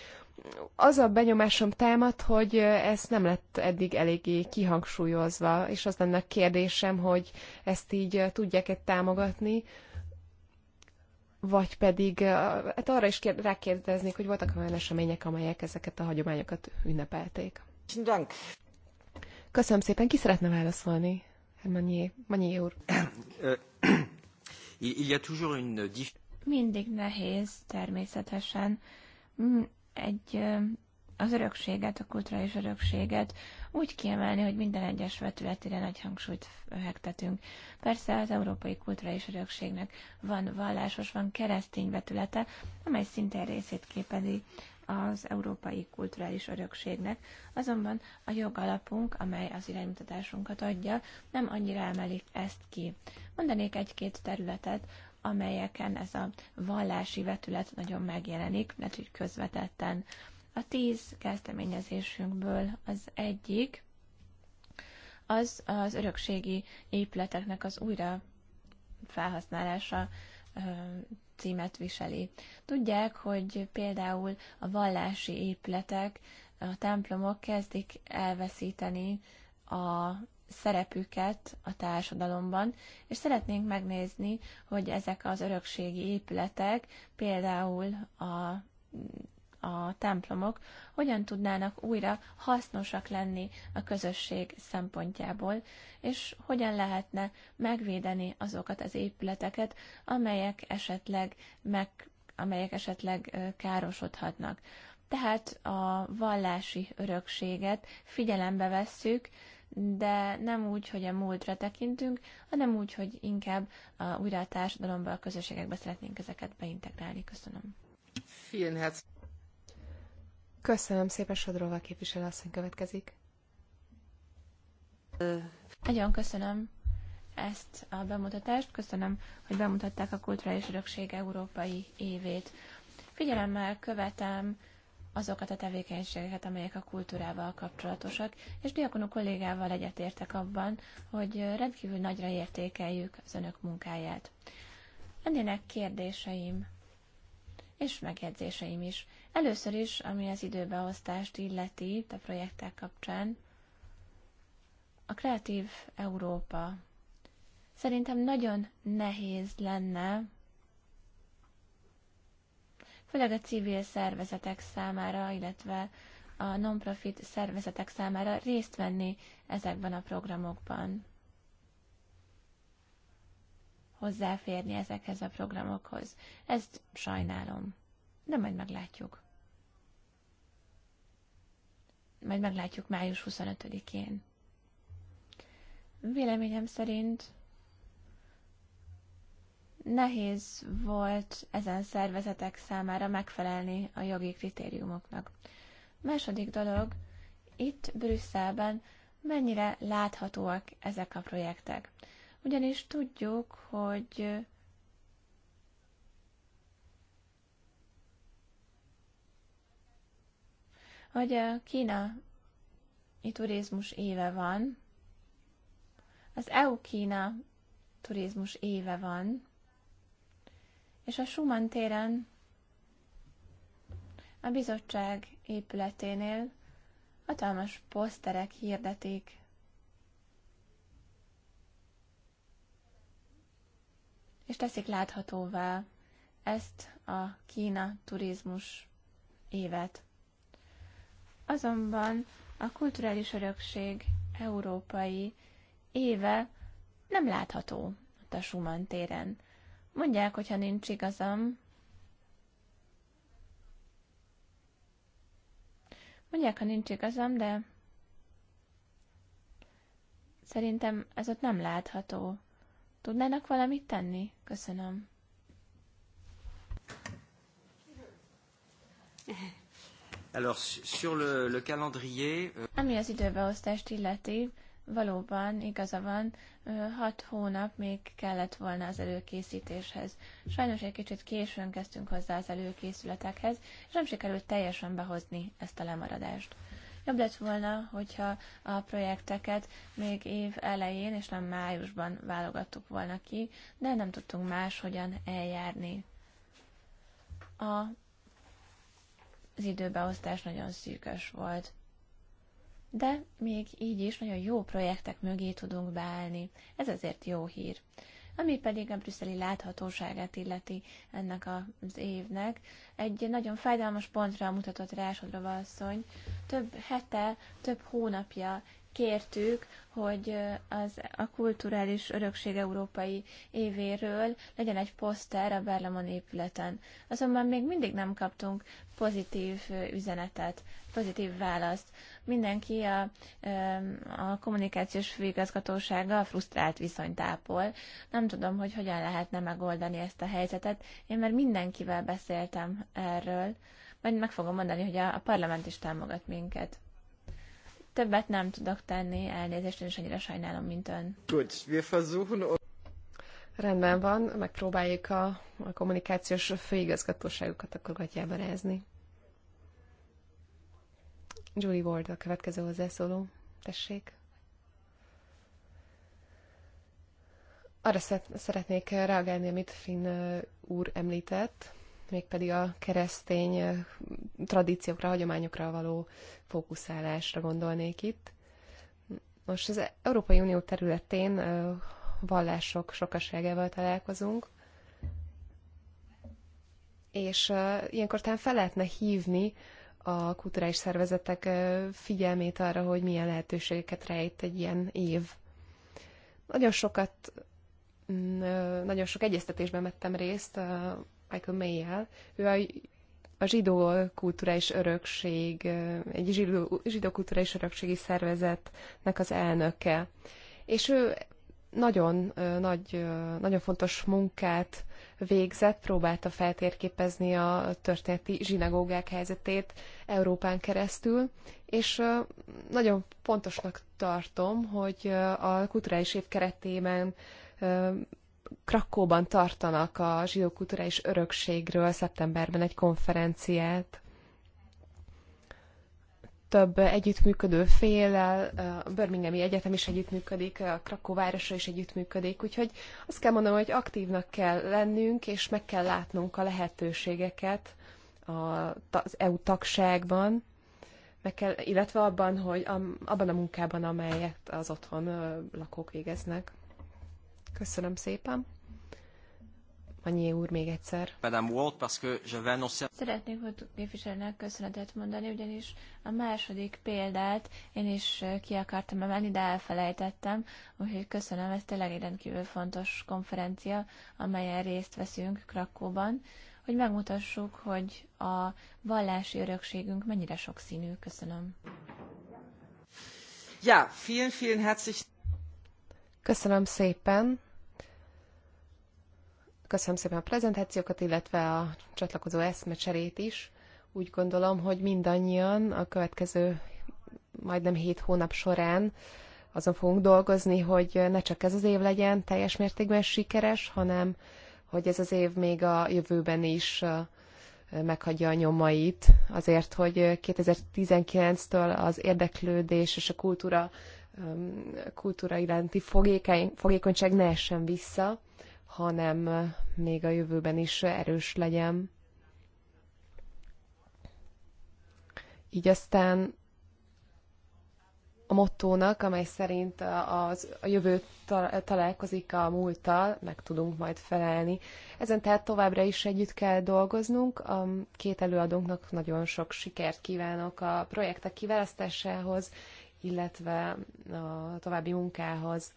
Az a benyomásom támad, hogy ez nem lett eddig eléggé kihangsúlyozva, és az lenne a kérdésem, hogy ezt így tudják-e támogatni, vagy pedig hát arra is rákérdeznék, hogy voltak olyan események, amelyek ezeket a hagyományokat ünnepelték. Köszönöm szépen. Ki szeretne válaszolni? Hermanié, úr. Mindig nehéz, természetesen. Mm, egy az örökséget, a kulturális örökséget úgy kiemelni, hogy minden egyes vetületére nagy hangsúlyt fektetünk. Persze az európai kulturális örökségnek van vallásos, van keresztény vetülete, amely szintén részét képezi az európai kulturális örökségnek, azonban a jogalapunk, amely az iránymutatásunkat adja, nem annyira emelik ezt ki. Mondanék egy-két területet, amelyeken ez a vallási vetület nagyon megjelenik, mert hogy közvetetten a tíz kezdeményezésünkből az egyik, az az örökségi épületeknek az újra felhasználása címet viseli. Tudják, hogy például a vallási épületek, a templomok kezdik elveszíteni a szerepüket a társadalomban, és szeretnénk megnézni, hogy ezek az örökségi épületek, például a a templomok hogyan tudnának újra hasznosak lenni a közösség szempontjából, és hogyan lehetne megvédeni azokat az épületeket, amelyek esetleg, meg, amelyek esetleg károsodhatnak. Tehát a vallási örökséget figyelembe vesszük, de nem úgy, hogy a múltra tekintünk, hanem úgy, hogy inkább a, újra a társadalomba, a közösségekbe szeretnénk ezeket beintegrálni. Köszönöm. Köszönöm szépen, Sodrova képviselő asszony következik. Nagyon köszönöm ezt a bemutatást, köszönöm, hogy bemutatták a Kulturális Örökség Európai Évét. Figyelemmel követem azokat a tevékenységeket, amelyek a kultúrával kapcsolatosak, és diakonú kollégával egyetértek abban, hogy rendkívül nagyra értékeljük az önök munkáját. Lennének kérdéseim és megjegyzéseim is. Először is, ami az időbeosztást illeti a projektek kapcsán, a Kreatív Európa. Szerintem nagyon nehéz lenne, főleg a civil szervezetek számára, illetve a non-profit szervezetek számára részt venni ezekben a programokban. Hozzáférni ezekhez a programokhoz. Ezt sajnálom. De majd meglátjuk majd meglátjuk május 25-én. Véleményem szerint nehéz volt ezen szervezetek számára megfelelni a jogi kritériumoknak. Második dolog, itt Brüsszelben mennyire láthatóak ezek a projektek. Ugyanis tudjuk, hogy hogy a kínai turizmus éve van, az EU-Kína turizmus éve van, és a Schumann téren a bizottság épületénél hatalmas poszterek hirdetik és teszik láthatóvá ezt a Kína turizmus évet. Azonban a kulturális örökség európai éve nem látható ott a Schumann téren. Mondják, hogyha nincs igazam, Mondják, ha nincs igazam, de szerintem ez ott nem látható. Tudnának valamit tenni? Köszönöm. Alors, sur le, le calendrier... Euh, Ami az időbeosztást illeti, valóban igaza van, hat hónap még kellett volna az előkészítéshez. Sajnos egy kicsit későn kezdtünk hozzá az előkészületekhez, és nem sikerült teljesen behozni ezt a lemaradást. Jobb lett volna, hogyha a projekteket még év elején és nem májusban válogattuk volna ki, de nem tudtunk máshogyan eljárni. A az időbeosztás nagyon szűkös volt. De még így is nagyon jó projektek mögé tudunk beállni. Ez azért jó hír. Ami pedig a brüsszeli láthatóságát illeti ennek az évnek, egy nagyon fájdalmas pontra mutatott rá Sodrova asszony. Több hete, több hónapja kértük, hogy az, a kulturális örökség európai évéről legyen egy poszter a Berlamon épületen. Azonban még mindig nem kaptunk pozitív üzenetet, pozitív választ. Mindenki a, a kommunikációs a frusztrált viszonyt ápol. Nem tudom, hogy hogyan lehetne megoldani ezt a helyzetet. Én már mindenkivel beszéltem erről. Majd meg fogom mondani, hogy a, a parlament is támogat minket. Többet nem tudok tenni, elnézést, és annyira sajnálom, mint ön. wir versuchen... Rendben van, megpróbáljuk a, a kommunikációs főigazgatóságokat akkor gatyába rázni. Julie Ward a következő hozzászóló. Tessék. Arra szeretnék reagálni, amit Finn úr említett mégpedig a keresztény tradíciókra, hagyományokra való fókuszálásra gondolnék itt. Most az Európai Unió területén vallások sokaságával találkozunk, és ilyenkor talán fel lehetne hívni a kulturális szervezetek figyelmét arra, hogy milyen lehetőségeket rejt egy ilyen év. Nagyon sokat, mm, nagyon sok egyeztetésben vettem részt Michael Mayer, Ő a, a zsidó kulturális örökség, egy zsidó, zsidó kulturális örökségi szervezetnek az elnöke. És ő nagyon, nagy, nagyon fontos munkát végzett, próbálta feltérképezni a történeti zsinagógák helyzetét Európán keresztül, és nagyon fontosnak tartom, hogy a kulturális év keretében Krakóban tartanak a zsidó kulturális örökségről szeptemberben egy konferenciát. Több együttműködő félel, a Birminghami Egyetem is együttműködik, a Krakó városa is együttműködik, úgyhogy azt kell mondanom, hogy aktívnak kell lennünk, és meg kell látnunk a lehetőségeket az EU tagságban, meg kell, illetve abban, hogy abban a munkában, amelyet az otthon lakók végeznek. Köszönöm szépen. Annyi úr még egyszer. Madame Ward, Szeretnék volt képviselőnek köszönetet mondani, ugyanis a második példát én is eh, ki akartam emelni, de elfelejtettem, úgyhogy köszönöm, ez tényleg egy rendkívül fontos konferencia, amelyen részt veszünk Krakóban, hogy megmutassuk, hogy a vallási örökségünk mennyire sokszínű. Köszönöm. Ja, vielen, vielen herzlichen Köszönöm szépen. Köszönöm szépen a prezentációkat, illetve a csatlakozó eszmecserét is. Úgy gondolom, hogy mindannyian a következő majdnem hét hónap során azon fogunk dolgozni, hogy ne csak ez az év legyen teljes mértékben sikeres, hanem hogy ez az év még a jövőben is meghagyja a nyomait, azért, hogy 2019-től az érdeklődés és a kultúra Um, kultúra iránti fogékonyság ne essen vissza, hanem uh, még a jövőben is erős legyen. Így aztán a mottónak, amely szerint uh, a, a jövő találkozik a múlttal, meg tudunk majd felelni. Ezen tehát továbbra is együtt kell dolgoznunk. A két előadónknak nagyon sok sikert kívánok a projektek kiválasztásához, illetve a további munkához.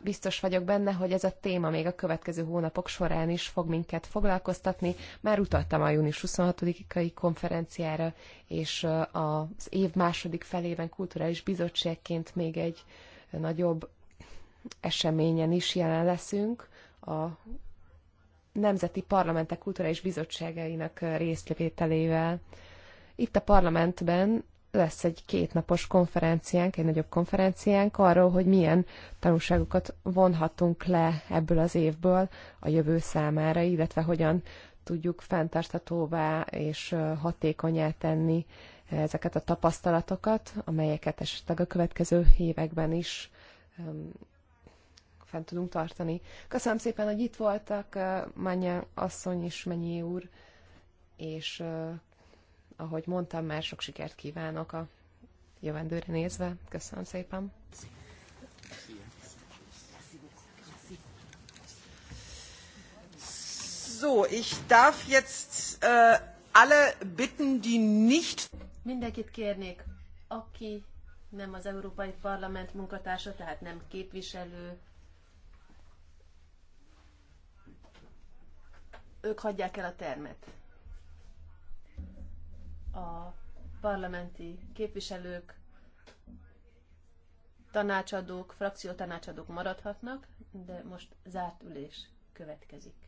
Biztos vagyok benne, hogy ez a téma még a következő hónapok során is fog minket foglalkoztatni. Már utaltam a június 26-ai konferenciára, és az év második felében kulturális bizottságként még egy nagyobb eseményen is jelen leszünk, a Nemzeti Parlamentek Kulturális Bizottságainak részvételével. Itt a parlamentben lesz egy kétnapos konferenciánk, egy nagyobb konferenciánk arról, hogy milyen tanulságokat vonhatunk le ebből az évből a jövő számára, illetve hogyan tudjuk fenntarthatóvá és hatékonyá tenni ezeket a tapasztalatokat, amelyeket esetleg a következő években is fent tudunk tartani. Köszönöm szépen, hogy itt voltak, Mánya asszony és Mennyi úr, és ahogy mondtam, már sok sikert kívánok a jövendőre nézve. Köszönöm szépen! So, ich darf jetzt äh, alle bitten, die nicht. Mindenkit kérnék, aki nem az Európai Parlament munkatársa, tehát nem képviselő, ők hagyják el a termet a parlamenti képviselők, tanácsadók, frakciótanácsadók maradhatnak, de most zárt ülés következik.